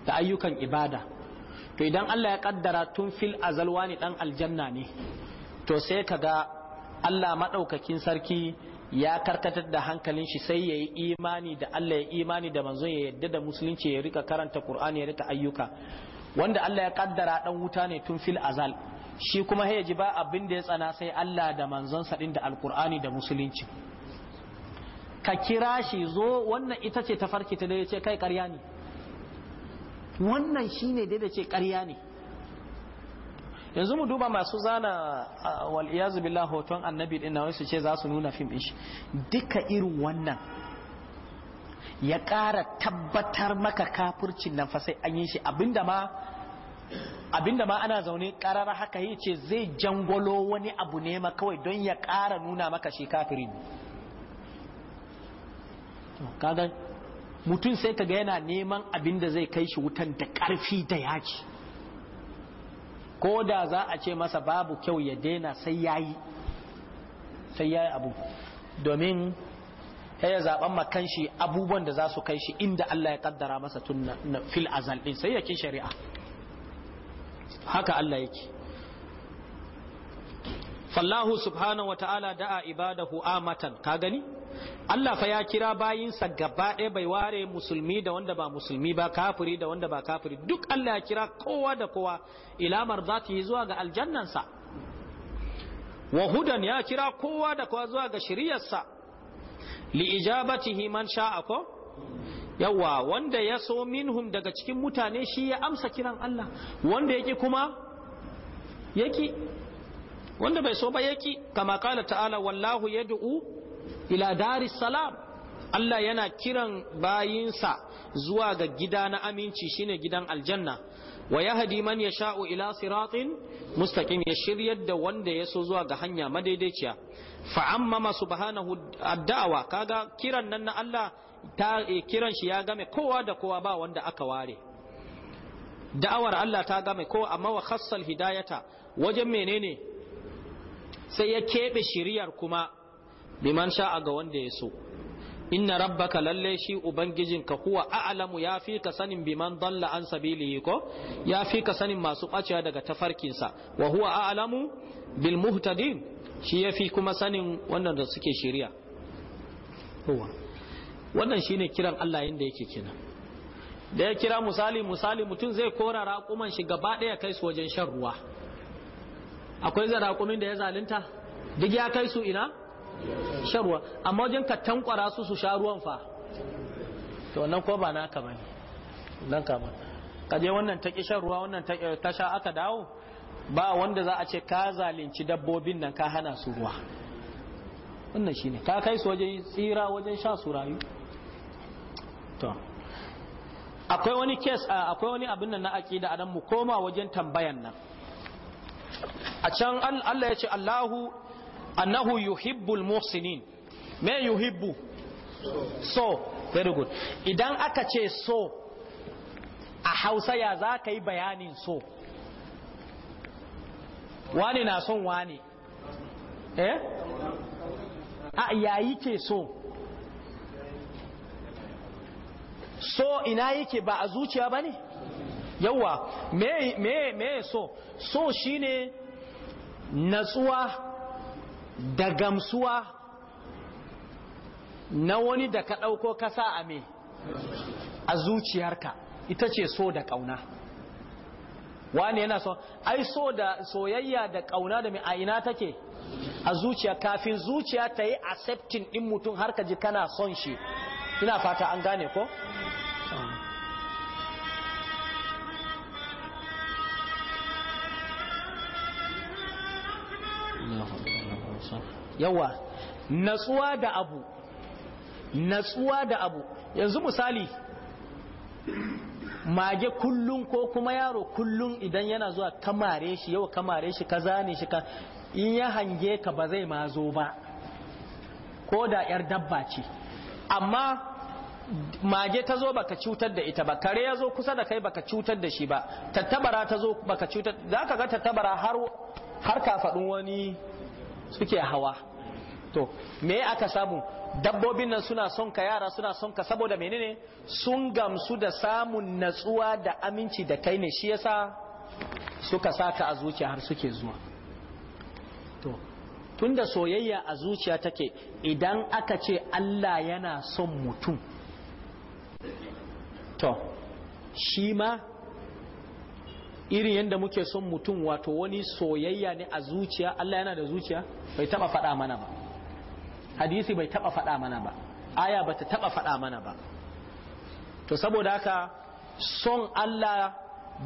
da ayyukan ibada to idan Allah ya kaddara tun fil azalwani dan aljanna ne to sai ka ga Allah maɗaukakin sarki ya karkatar da hankalin shi sai ya yi imani da Allah ya imani da manzon ya yadda da musulunci ya rika karanta Qur'ani ya rika ayyuka wanda Allah ya kaddara dan wuta ne tun fil azal shi kuma ya ji ba abin da ya tsana sai Allah da manzon sa din da alqur'ani da musulunci ka kira shi zo wannan ita ce ta farki ta da ya ce kai ƙarya ne wannan shi ne da ce ƙarya ne yanzu mu duba masu zana wal iyazu hoton annabi din nan su ce za su nuna fim ɗinshi duka irin wannan ya ƙara tabbatar maka kafurcin nan fa sai an yi shi abinda ma ana zaune ƙarar haka yi ce zai jangolo wani abu ne ma kawai don ya ƙara nuna maka shi kafirin mutum sai ka ga yana neman abinda zai kai shi wutan da ƙarfi da yaki ko da za a ce masa babu kyau ya daina sai ya yi sai ya yi abu domin ya yi zaɓen makanshi abubuwan da za su kai shi inda Allah ya kaddara masa tun na fil azal ɗin sai ya kin shari'a haka Allah yake fallahu subhanahu wata'ala da'a ibadahu amatan ka gani Allah fa ya kira bayinsa gaba ɗaya bai ware musulmi da wanda ba musulmi ba kafiri da wanda ba kafiri duk Allah ya kira kowa da kowa ilamar za zuwa ga aljannansa wa hudan ya kira kowa da kowa zuwa ga shiriyarsa li ijabatihi man sha'a ko yawa wanda ya so minhum daga cikin mutane shi ya amsa kiran Allah wanda yake kuma yake wanda bai so ba yaki kama kala ta'ala wallahu yad'u ila daris salam Allah yana kiran bayinsa zuwa ga gida na aminci shine gidan aljanna wa yahdi man yasha'u ila siratin mustaqim ya shiryar da wanda ya so zuwa ga hanya madaidaiciya fa amma subhanahu ad da'awa kaga kiran nan na Allah ta eh, kiran shi ya game kowa da kowa ba wanda aka ware da'awar Allah ta game kowa amma wa khassal hidayata wajen menene sai ya keɓe shiriyar kuma liman sha'a ga wanda ya so inna rabbaka lalle shi ubangijinka huwa a'lamu ya fi ka sanin biman dalla an sabilihi ko ya fi ka sanin masu ɓacewa daga tafarkinsa wa huwa a'lamu bil muhtadin shi ya fi kuma sanin wannan da suke shiriya wannan shine kiran Allah yanda yake kenan da ya kira misali misali mutum zai kora raƙuman shi gaba ɗaya kai su wajen shan ruwa akwai ga da ya zalunta duk ya kai su ina sharuwa amma wajen ka tankwara su su sha ruwan fa to wannan ko ba naka bane nan kama ka je wannan ta ki ruwa wannan eh, ta sha aka dawo ba wanda za a ce ka zalunci dabbobin nan ka hana su ruwa wannan shine ka kai su waje tsira wajen sha su rayu to akwai wani kes ah, akwai wani abin nan na aqida anan mu koma wajen tambayan nan a can Allah ya ce Allahu annahu yuhibbul muhsinin me yuhibbu so very good idan aka ce so a hausa ya za ka yi bayanin so wani na son wani eh a yayi ke so so ina yake ba a zuciya ba ne yawa me me me so so shine natsuwa da gamsuwa na wani da ka ɗauko kasa a me a zuciyarka ita ce so da ƙauna wani yana so ai so da soyayya da ƙauna da mai a ina take a zuciya kafin zuciya ta yi accepting ɗin mutum har ka ji kana son shi ina fata an gane ko yawa natsuwa da abu natsuwa da abu yanzu misali mage kullum ko kuma yaro kullum idan yana zuwa kamare shi yau kamare shi ka zane shi ka in ya hange ka ba zai ma zo ba ko da yar dabba ce amma mage ta zo baka cutar da ita ba kare ya zo kusa da kai baka cutar da shi ba tattabara ta zo baka cutar za ka ga tattabara har har kafaɗin wani suke hawa to me aka samu dabbobin nan suna son ka yara suna son ka saboda menene sun gamsu da samun natsuwa da aminci da kai ne shi yasa suka saka a zuciya har suke zuwa to tunda soyayya a zuciya take idan aka ce Allah yana son mutum to shi ma irin yadda muke son mutum wato wani soyayya ne a zuciya Allah yana da zuciya bai taba faɗa mana ba hadisi bai taba faɗa mana ba aya ba ta taba faɗa mana ba to saboda haka son Allah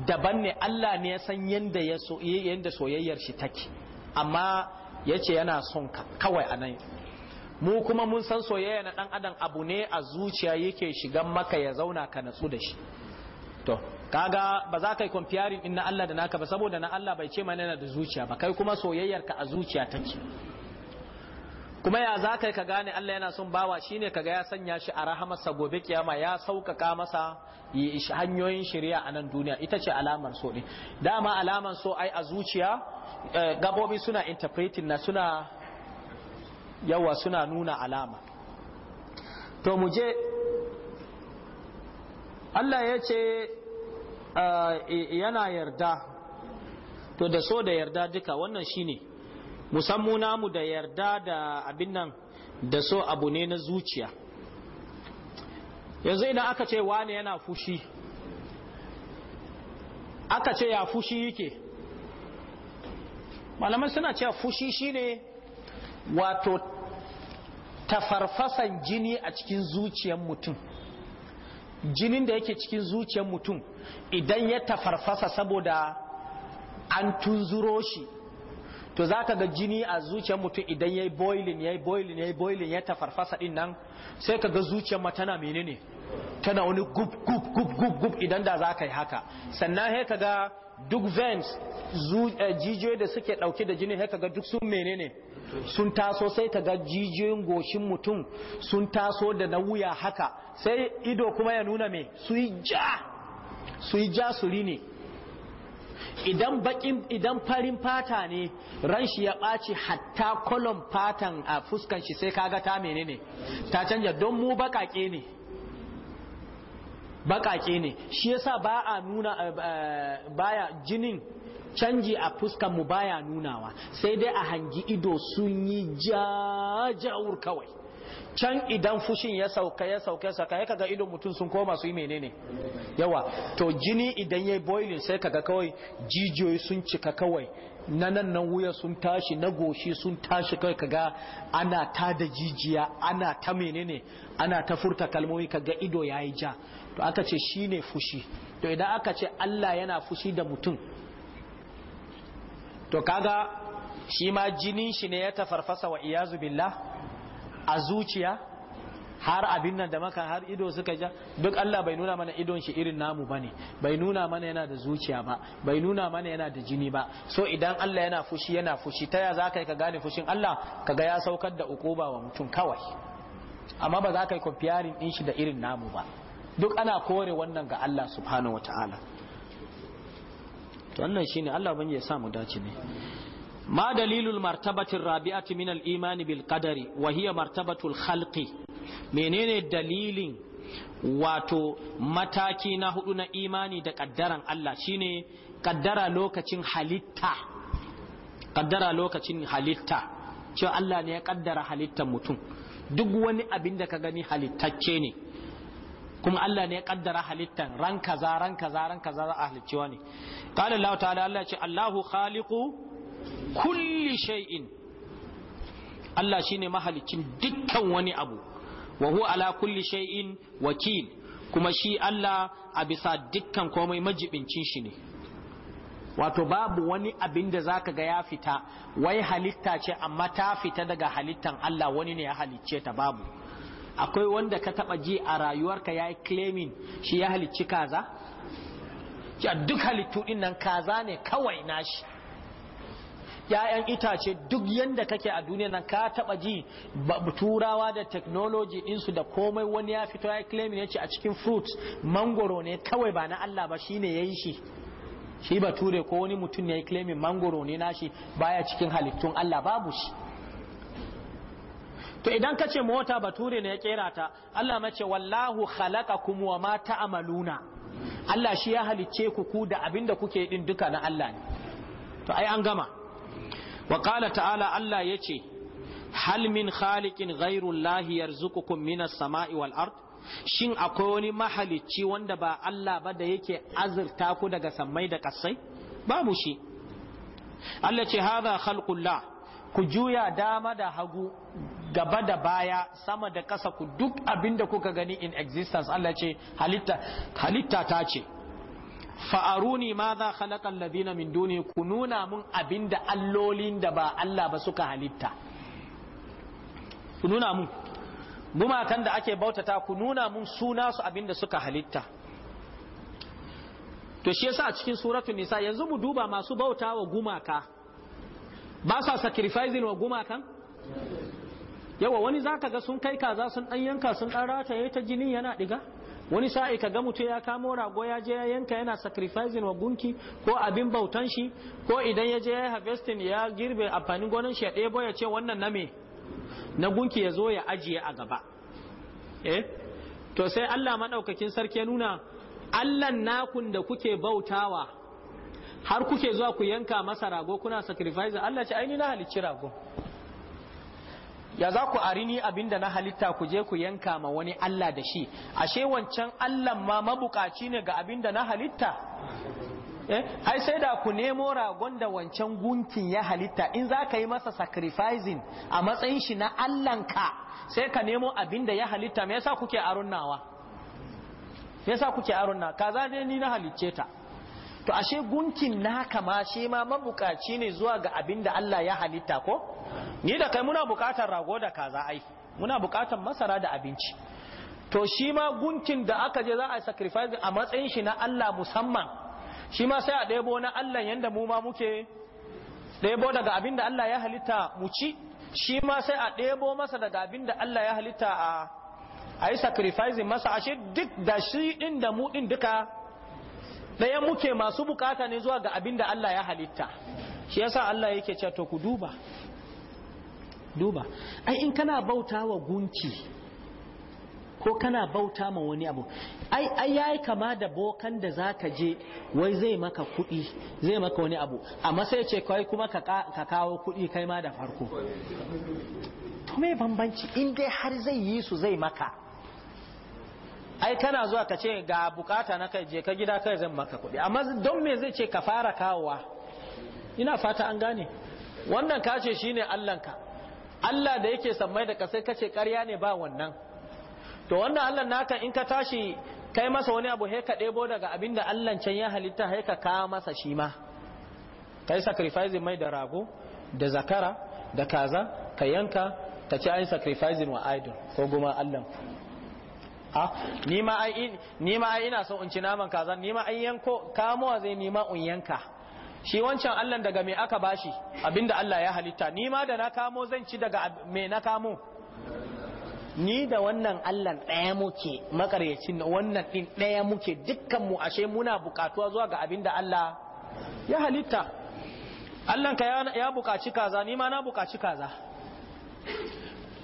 daban ne Allah ne ya san yadda ya so yadda soyayyar shi take amma yace yana son ka kawai anan mu kuma mun san soyayya na ɗan adam abu ne a zuciya yake shigan maka ya zauna ka natsu da shi to kaga ba za ka yi comparing din na Allah da naka ba saboda na Allah bai ce mana da zuciya ba kai kuma soyayyar ka a zuciya ta ce kuma ya za ka ka gane Allah yana son bawa shi ne kaga ya sanya shi a rahamarsa gobe kiyama ya sauƙaƙa masa hanyoyin shari'a a nan duniya ita ce alamar so ne dama alamar so ai a zuciya eh, gabobi suna interpreting na suna yawa suna nuna alama to mu Allah ya ce Eh, eh, yana yarda to da so da yarda duka wannan shine musamman namu da yarda da abin nan da so abu ne na zuciya yanzu idan aka ce wane yana fushi aka ce ya fushi yake malaman suna cewa fushi shine wato tafarfasan jini a cikin zuciyan mutum jinin da yake cikin zuciyar mutum idan ya tafarfasa saboda an tunzuro shi to za ka ga jini a zuciyar mutum idan ya yi boiling ya yi boiling ya yi boiling ya tafarfasa din nan sai ka ga zuciyar ma tana menene tana wani gub gub gub gub idan da za ka yi haka sannan sai ka ga duk veins eh, jijiyoyi da suke dauke da jini haka ka ga duk sun menene sun taso sai ka ga jijiyoyin goshin mutum sun taso da na wuya haka sai ido kuma ya nuna mai su yi ja su yi ja su idan bakin idan farin fata ne ran shi ya ɓaci hatta kolon fatan a fuskan shi sai kaga ta menene ta canja don mu baƙaƙe ne bakake ne shi yasa ba a nuna eh, eh, baya jinin canji a fuskan mu baya nunawa sai dai a hangi ido sun yi jajawur kawai can idan fushin ya sauka ya sauka ya sauka ya kaga ido mutum sun koma su yi menene yawa to jini idan ya yi boiling sai kaga kawai jijiyoyi sun cika kawai na nan nan wuya sun tashi na goshi sun tashi kawai kaga ana ta da jijiya ana ta menene ana ta furta kalmomi kaga ido ya yi ja to aka ce shi ne fushi to idan aka ce Allah yana fushi da mutum to kaga shi ma jinin shi ne ya tafarfasa wa iyazu billah a zuciya har abin nan da maka har ido suka ja duk Allah bai nuna mana idon shi irin namu bane bai nuna mana yana da zuciya ba bai nuna mana yana da jini ba so idan Allah yana fushi yana fushi ta ya zaka ka gane fushin Allah kaga ya saukar da ukuba wa mutum kawai amma ba za ka yi kwafiyarin din shi da irin namu ba duk ana kore wannan ga Allah subhanahu wataala to wannan shine Allah ban ya sa mu dace ne ma dalilul martabatin rabi'ati min al-imani bil qadari wa hiya martabatul khalqi menene dalilin wato mataki na hudu na imani da kaddaran Allah shine kaddara lokacin halitta kaddara lokacin halitta cewa Allah ne ya kaddara halittar mutum duk wani abin da ka gani halittacce ne kuma Allah ne ya kaddara halittan ran kaza ran kaza ran kaza za a halicci wani qala Allah ta'ala Allah ce Allahu khaliqu kulli shay'in Allah shine mahalicin dukkan wani abu wa huwa ala kulli shay'in wakil kuma shi Allah a bisa dukkan komai majibincin shi ne wato babu wani abin da zaka ga ya fita wai halitta ce amma ta fita daga halittan Allah wani ne ya halicce ta babu akwai wanda ka taba ji a rayuwarka yayi claiming shi ya halicci kaza ya duk halittu din nan kaza ne kawai nashi ‘ya'yan itace duk yanda kake a duniya nan ka taba ji turawa da technology insu da komai wani ya fito ya claim ya a cikin fruit mangoro ne kawai ba na Allah ba shine ne shi shi bature ko wani mutum ne ya claiming mangoro ne nashi baya cikin halittun Allah babu shi to idan ka ce mota bature ne ya kera ta Allah ce wallahu khalaqakum wa ma ta'maluna Allah shi ya halicce ku ku da abinda kuke din duka na Allah ne to ai an gama wa qala ta'ala Allah yace hal min khaliqin ghayru Allah yarzuqukum minas sama'i wal ard shin akwai wani mahalicci wanda ba Allah ba da yake azurta ku daga sammai da kasai babu shi Allah ce hadha khalqullah ku juya dama da hagu gaba da baya sama da ƙasa ku duk abin da kuka gani in existence Allah ce halitta ta ce fa'aruni ma za khalaƙan lazina min duni ku nuna mun abin da allolin da ba Allah ba suka halitta ku nuna mun gumakan da ake bautata ku nuna mun suna su abin da suka halitta to shi yasa a cikin suratul nisa yanzu mu duba masu bautawa gumaka ba sa sacrificing wa gumakan yawa wani zaka ga sun kai kaza sun dan yanka sun dan rataye ta jinin yana diga wani sa'i ka ga mutu ya kamo rago ya je ya yanka yana sacrificing wa gunki ko abin bautan shi ko idan ya je ya harvesting ya girbe amfanin gonan shi ya ɗebo ya ce wannan na me na gunki ya zo ya ajiye a gaba eh to sai Allah madaukakin sarki ya nuna Allah nakun da kuke bautawa har kuke zuwa ku yanka masa rago kuna sacrifice Allah ce aini na halicci rago ya za ku arini abinda na halitta ku je ku yanka ma wani Allah da shi ashe wancan Allah ma mabukaci ne ga abinda na halitta eh ai sai da ku nemo ragon da wancan gunkin ya halitta in za ka yi masa sacrificing a matsayin shi na allah ka sai ka nemo abinda ya halitta me yasa kuke arunawa me yasa kuke arunna kaza ne ni na halicce ta to ashe gunkin naka ma shi ma mabukaci ne zuwa ga abin da Allah ya halitta ko ni da kai muna bukatar rago da kaza ai muna bukatar masara da abinci to shi ma gunkin da aka je za a sacrifice a matsayin shi na Allah musamman shi ma sai a ɗebo na Allah yanda mu ma muke ɗebo daga abin da Allah ya halitta mu ci shi ma sai a ɗebo masa daga abin da Allah ya halitta a a yi sacrificing masa ashe duk da shi ɗin da mu ɗin duka 'yan muke masu bukata ne zuwa ga abinda Allah ya halitta shi yasa Allah yake cewa to ku duba duba ai in kana bauta wa gunki ko kana bauta ma wani abu ai ai yayi kama da bokan da zaka je wai zai maka kudi zai maka wani abu amma sai ce kai kuma ka kawo kudi kai ma da farko to me bambanci in dai har zai yi su zai maka ai kana zuwa ka ce ga bukata na kai je ka gida kai zan maka kuɗi amma don me zai ce ka fara kawowa ina fata an gane wannan kace shine allanka Allah da yake sammai da kasai kace karya ne ba wannan to wannan Allah naka in ka tashi kai masa wani abu he ka ɗebo daga abin da Allah can ya halitta haika ka kawo masa shi ma kai sacrificing mai da rago da zakara da kaza ka yanka ka ci ai sacrificing wa idol ko goma Allah a ni ai ni ai ina so in ci naman kaza ni ma ai yanko kamuwa zai nima un in yanka shi wancan Allah daga me aka bashi abinda Allah ya halitta ni da na kamo zan ci daga me na kamo ni da wannan Allah ɗaya muke makaryacin na wannan ɗin ɗaya muke dukkanmu ashe muna bukatuwa zuwa ga abinda Allah ya halitta ka ya bukaci kaza ni na bukaci kaza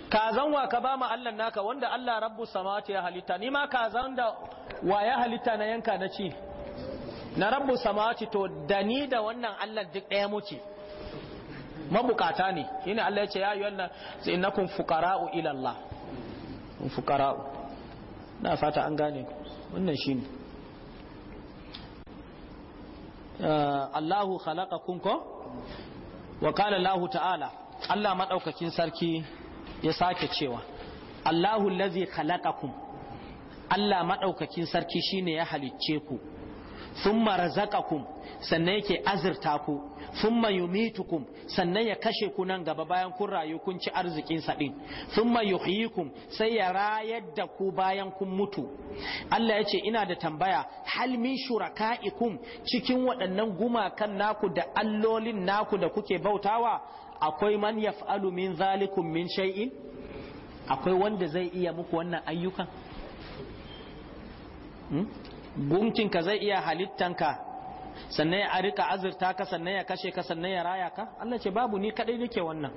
kazan wa ka ba ma Allah naka wanda Allah rabbu samawati ya halitta ni ma kazan da wa ya halitta na yanka na ci na rabbu samawati to da ni da wannan Allah duk ɗaya muke mabukata ne shine Allah ya ce ya ayyuhan innakum fuqara'u ila Allah fuqara'u na fata an gane wannan shine uh, Allahu khalaqakum ko wa qala Allah ta'ala Allah madaukakin sarki ya sake cewa Allahu lazi khalaqakum Allah madaukakin sarki shine ya halicce ku thumma razaqakum sannan yake azurta ku thumma yumitukum sannan ya kashe ku nan gaba bayan kun rayu kun ci arzikin sa din thumma yuhyikum sai ya rayar da ku bayan kun mutu Allah yace ina da tambaya hal min shuraka'ikum cikin waɗannan gumakan naku da allolin naku da kuke bautawa akwai man yaf'alu min zalikum min shay'in akwai wanda zai iya muku wannan ayyukan hmm? gunkin ka zai iya halittanka sannan ya rika azurta ka sannan ya kashe ka sannan ya raya ka Allah ce babu ni kadai nake wannan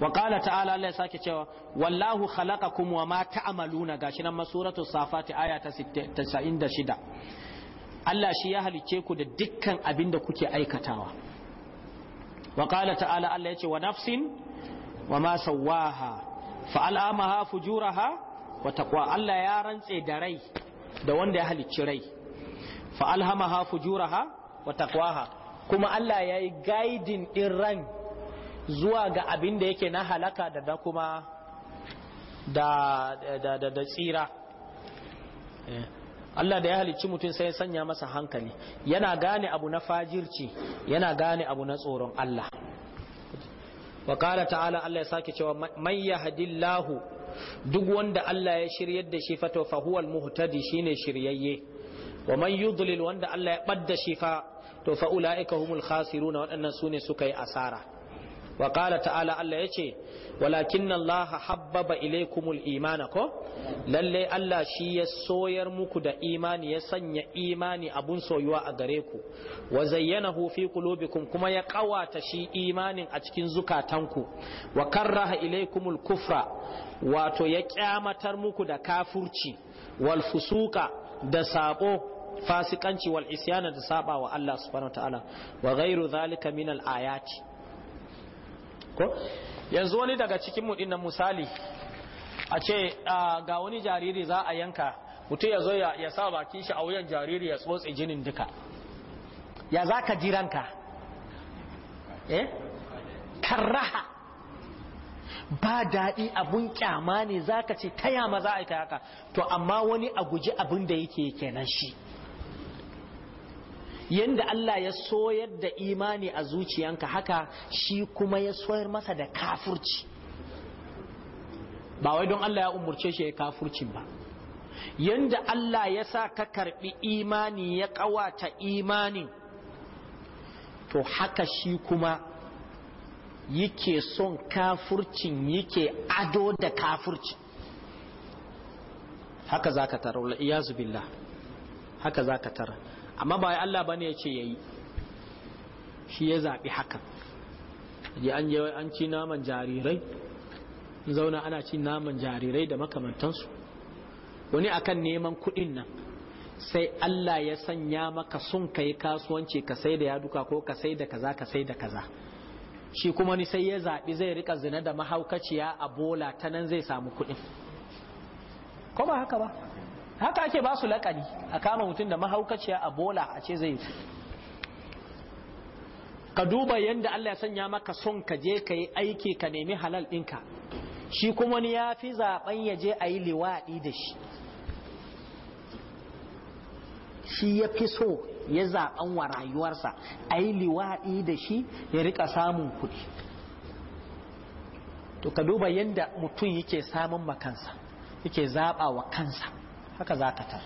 wa qala ta'ala Allah ya sake cewa wallahu khalaqakum wa ma ta'maluna gashi nan masuratu safati aya ta 96 Allah shi ya halice ku da dukkan abin da kuke aikatawa wa qala ta'ala Allah yace wa nafsin wa ma sawaha fa ha fujura ha taqwa Allah ya rantse da rai da wanda ya halicci rai fa fujura ha wa ha kuma Allah ya yi gaidin din ran zuwa ga abin da yake na halaka da da kuma da tsira eh. Allah da ya halicci mutum sai ya sanya masa hankali yana gane abu na fajirci yana gane abu na tsoron Allah wa ta'ala Allah ya sake cewa ya yahdillahu duk wanda Allah ya shiryar da shi fa to muhtadi shine shiryayye wa man yudlil wanda Allah ya badda shi fa to fa ulaika humul khasiruna waɗannan sune suka yi asara wa ta'ala Allah yace walakin Allah habbaba ilaikumul imana ko Lallai Allah shi ya soyar muku da imani ya sanya imani abun soyuwa a gare ku wa zayyanahu fi qulubikum kuma ya ƙawata shi imanin a cikin zukatanku wa karraha ilaykumul kufra wato ya kyamatar muku da kafurci wal fusuka da sabo fasikanci wal isyana da saba wa Allah subhanahu wa ta'ala zalika min al ayati ko yanzu wani daga cikin mu dinnan misali a ce ga wani jariri za a yanka mutum ya zo ya sa bakin shi a wuyan jariri ya tsotse jinin duka ya za ka jiran ka. eh karraha ba daɗi abun kyama ne zaka ce ta yama za a yi haka to amma wani a guji abin da yake kenan shi yanda Allah ya soyar da imani a zuciyanka haka shi kuma ya soyar masa da kafurci ba wai don Allah ya umurce shi ya kafurcin ba yanda Allah ya sa ka karbi imani ya kawata imani to haka shi kuma yake son kafurcin yake ado da kafurcin haka za ka tarar billah haka za ka tara. amma ba Allah bane ya ce ya yi. shi ya zaɓi hakan an yi an ci naman jarirai zauna ana ci naman jarirai da makamantansu wani akan neman kuɗin nan sai Allah ya sanya maka sun kai kasuwanci ka sai da yaduka ko ka sai da kaza ka sai da kaza shi kuma ni sai ya zaɓi zai rika zina da mahaukaciya a bola ta nan zai samu kuɗin ko ba haka ba haka ake ba su lakani a kama mutum da mahaukaciya a bola a ce zai ka duba yadda Allah ya sanya maka son ka je ka yi aiki ka nemi halal ɗinka shi kuma ni ya fi zaɓen ya je a yi liwaɗi da shi shi ya fi so ya zaɓen wa rayuwarsa a yi liwaɗi da shi ya riƙa samun kuɗi to ka duba yadda mutum yake samun makansa yake zaɓa wa kansa haka za ka tar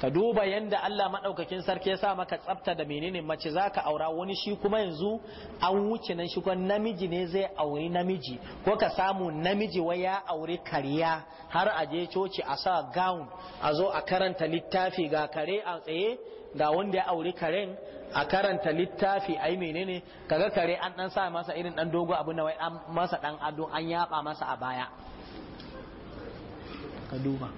ka duba yadda Allah maɗaukakin sarki ya sa maka tsafta da menene mace za ka aura wani shi kuma yanzu an wuce nan shi kwan namiji ne zai auri namiji ko ka samu namiji wai ya auri kariya har a je coci a sa gown a zo a karanta littafi ga kare a tsaye ga wanda ya auri karen a karanta littafi ai menene kaga kare an dan sa masa irin dan dogo abu na wai an masa ɗan ado an yaba masa a baya ka duba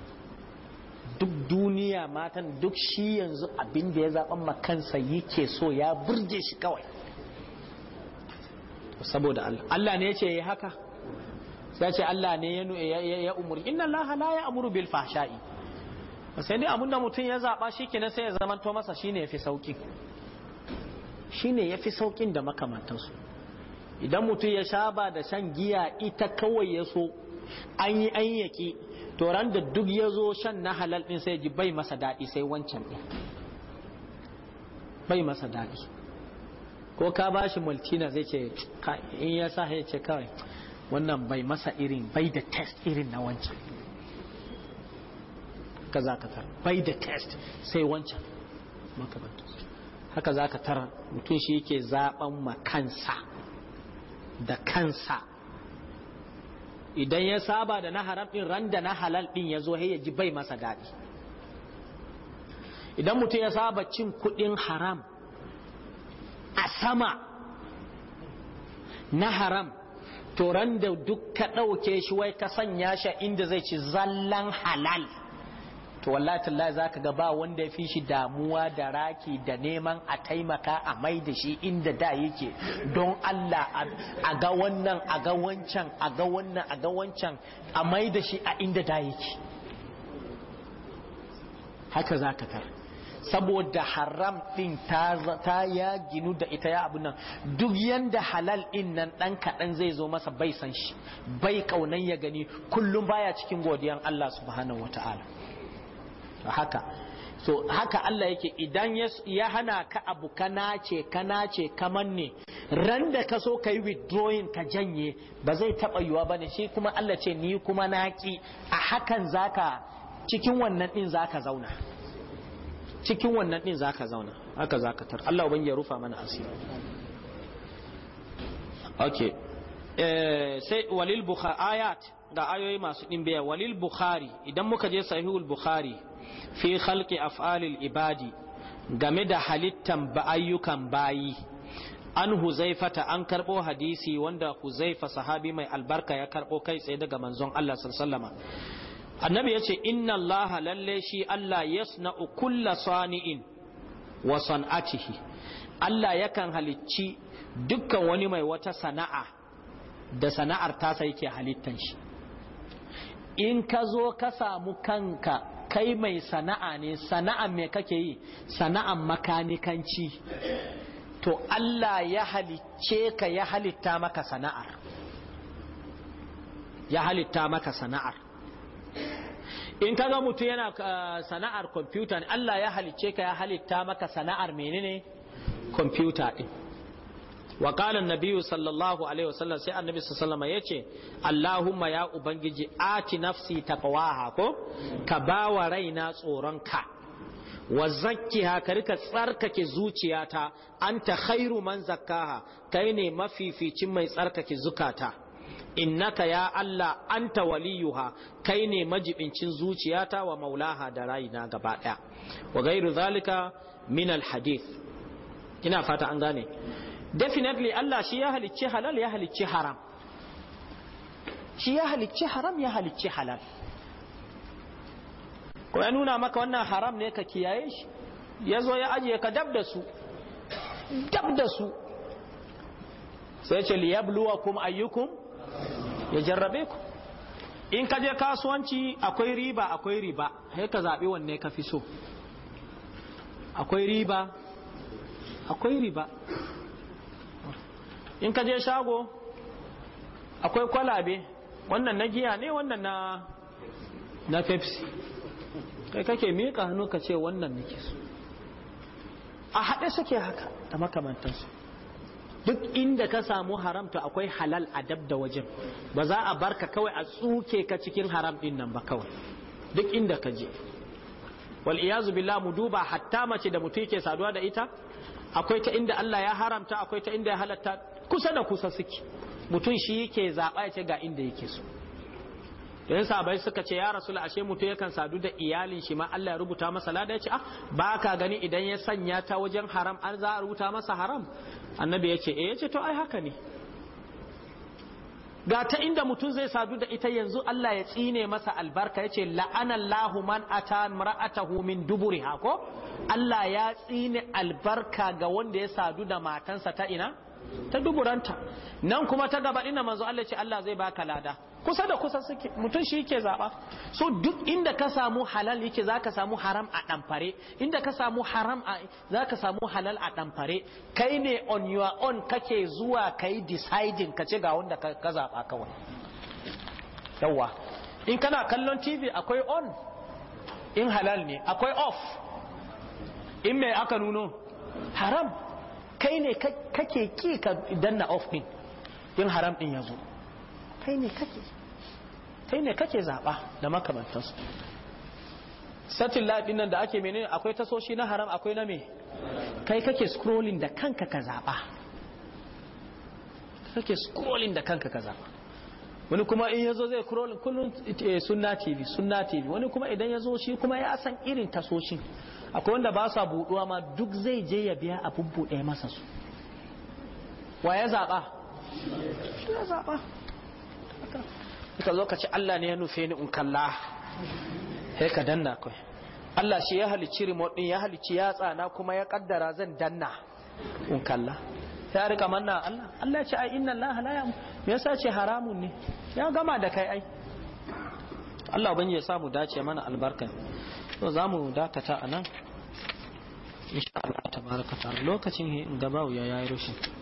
duk duniya matan duk shi yanzu abin da ya zaɓan makansa yake so ya burge shi kawai saboda Allah Allah ne ya ce ya haka sai ce Allah ne ya umuri inna Allah la ya amuru bil fahsha'i sai dai da mutum ya zaɓa shi kenan sai ya zamanto masa shine yafi sauki shine yafi saukin da makamantansu idan mutum ya shaba da shan giya ita kawai ya so an yi an yaki to ran da duk ya zo shan na halal din sai ji bai masa daɗi sai wancan ɗin bai masa daɗi ko ka ba shi multina zai ce in ya sa ya ce kawai wannan bai masa irin bai da test irin na wancan haka za ka tara bai da test sai wancan makamanta haka za ka tara mutum shi yake zaɓen makansa da kansa idan ya saba da na haram din ran da na halal din ya zo ya ji bai masa daɗi idan mutum ya saba cin kuɗin haram a sama na haram to ran da duk ka ɗauke shi wai ka sanya shi inda zai ci zallan halal to wallahi za ka ga ba wanda ya fi shi damuwa da raki da neman a taimaka a mai da shi inda da yake don Allah a ga wannan a ga wancan a ga wannan a ga wancan a mai da shi a inda da yake haka za ka tara saboda haram din ta ya ginu da ita ya abu nan duk yanda halal din nan dan kaɗan zai zo masa bai san shi bai kaunan ya gani kullum baya cikin godiyan Allah subhanahu wataala haka so haka Allah yake idan ya hana ka abu ka nace ka nace kaman ne ran da ka so ka yi withdrawing ka janye ba zai taɓa yiwa ba ne shi kuma Allah ce ni kuma naki a hakan zaka cikin wannan ɗin zaka zauna cikin wannan ɗin zaka zauna haka zaka tar Allah ban ya rufa mana asiri okay eh, sai walil bukhari ayat da ayoyi masu ɗimbiya walil bukhari idan muka je sahihul bukhari fi khalqi af'alil ibadi game da halittan ba bayi an huzaifata an karbo hadisi wanda huzaifa sahabi mai albarka ya karbo kai tsaye daga manzon Allah sallallahu Alaihi annabi ya inna Allah lalle shi Allah yasna'u kulla sani'in wa san'atihi Allah yakan halicci dukkan wani mai wata sana'a da sana'ar ta sai ke halittan shi in ka zo ka samu kanka kai mai sana'a ne sana'an mai kake yi sana'an makanikanci to Allah ya halicce ka ya halitta maka sana'ar ya halitta maka sana'ar in ka ga mutum yana ah, sana'ar kwamfuta Allah ya halicce ka ya halitta maka sana'ar menene kwamfuta ɗin wa Nabiyu an sallallahu alaihi wasallam sai annabi sallallahu alaihi wasallam yace ya ubangiji ati nafsi taqwaha ko ka bawa raina tsoronka wa zakkiha ka rika tsarkake zuciyata anta khairu man zakkaha kai ne mafificin mai tsarkake zukata innaka ya Allah anta waliyuha kai ne majibincin zuciyata wa maulaha da raina gabaɗaya? Wagairu, wa gairu zalika min hadith ina fata an gane definitely Allah shi ya halicci halal ya halicci haram shi ya halicci haram ya halicci halal ko ya nuna maka wannan haram ne ka kiyaye shi ya zo ya ajiye ka dab da su dab da su sai ce liyabluwakum ayyukum ya jarrabe ku in ka je kasuwanci akwai riba akwai riba sai ka zaɓi wanne ka fi so akwai riba akwai riba in ka je shago akwai kwalabe wannan na giya ne wannan na na pepsi kai kake miƙa hannu ka ce wannan nake so a haɗe suke haka da makamantansu duk inda ka samu haramta akwai halal adab da wajen ba za a barka kawai a tsuke ka cikin haram ɗin nan ba kawai duk inda ka je wal iyazu billah mu duba hatta mace da mutum ke saduwa da ita akwai ta inda Allah ya haramta akwai ta inda ya halatta kusa da kusa suke mutum shi yake zaɓa ya ce ga inda yake so yan sabai suka ce ya rasu ashe mutum yakan sadu da iyalin shi ma Allah ya rubuta masa lada ya ce ah ba ka gani idan ya sanya ta wajen haram an za a rubuta masa haram annabi ya ce eh ya ce to ai haka ne ga ta inda mutum zai sadu da ita yanzu Allah ya tsine masa albarka ya ce la'anallahu man ata mar'atahu min duburi ko Allah ya tsine albarka ga wanda ya sadu da matansa ta ina ta duburanta nan kuma ta gaba ina manzo Allah ce Allah zai baka lada kusa da kusa suke mutum shi yake zaba so duk inda ka samu halal yake zaka samu haram a damfare inda ka samu haram a zaka samu halal a damfare kai ne on your own kake zuwa kai deciding kace ga wanda ka zaba kawai yawa in kana kallon TV akwai on in halal ne akwai off in me aka nuno haram kai ne kake ki ka danna off din Din haram din yazo kai ne kake kai ne kake zaba da su satin ladin nan da ake menene akwai tasoshi na haram akwai na me kai kake scrolling da kanka ka zaba kake scrolling da kanka ka zaba wani kuma in yazo zai scrolling kullun eh, sunna tv sunna tv wani kuma idan yazo shi kuma ya san irin tasoshin akwai wanda ba sa buɗuwa ma duk zai je ya biya a ɗaya masa su wa ya zaɓa ya zaɓa ita lokaci Allah ne ya nufe ni in kalla sai ka danna kai Allah shi ya halicci remote din ya halicci ya tsana kuma ya kaddara zan danna in kalla sai rika manna Allah Allah ce ai inna Allah la yam me yasa ce haramun ne ya gama da kai ai Allah ban ya samu dace mana albarka to za mu dakata a nan insha Allah ta baraka ta lokacin gaba ya yi rushin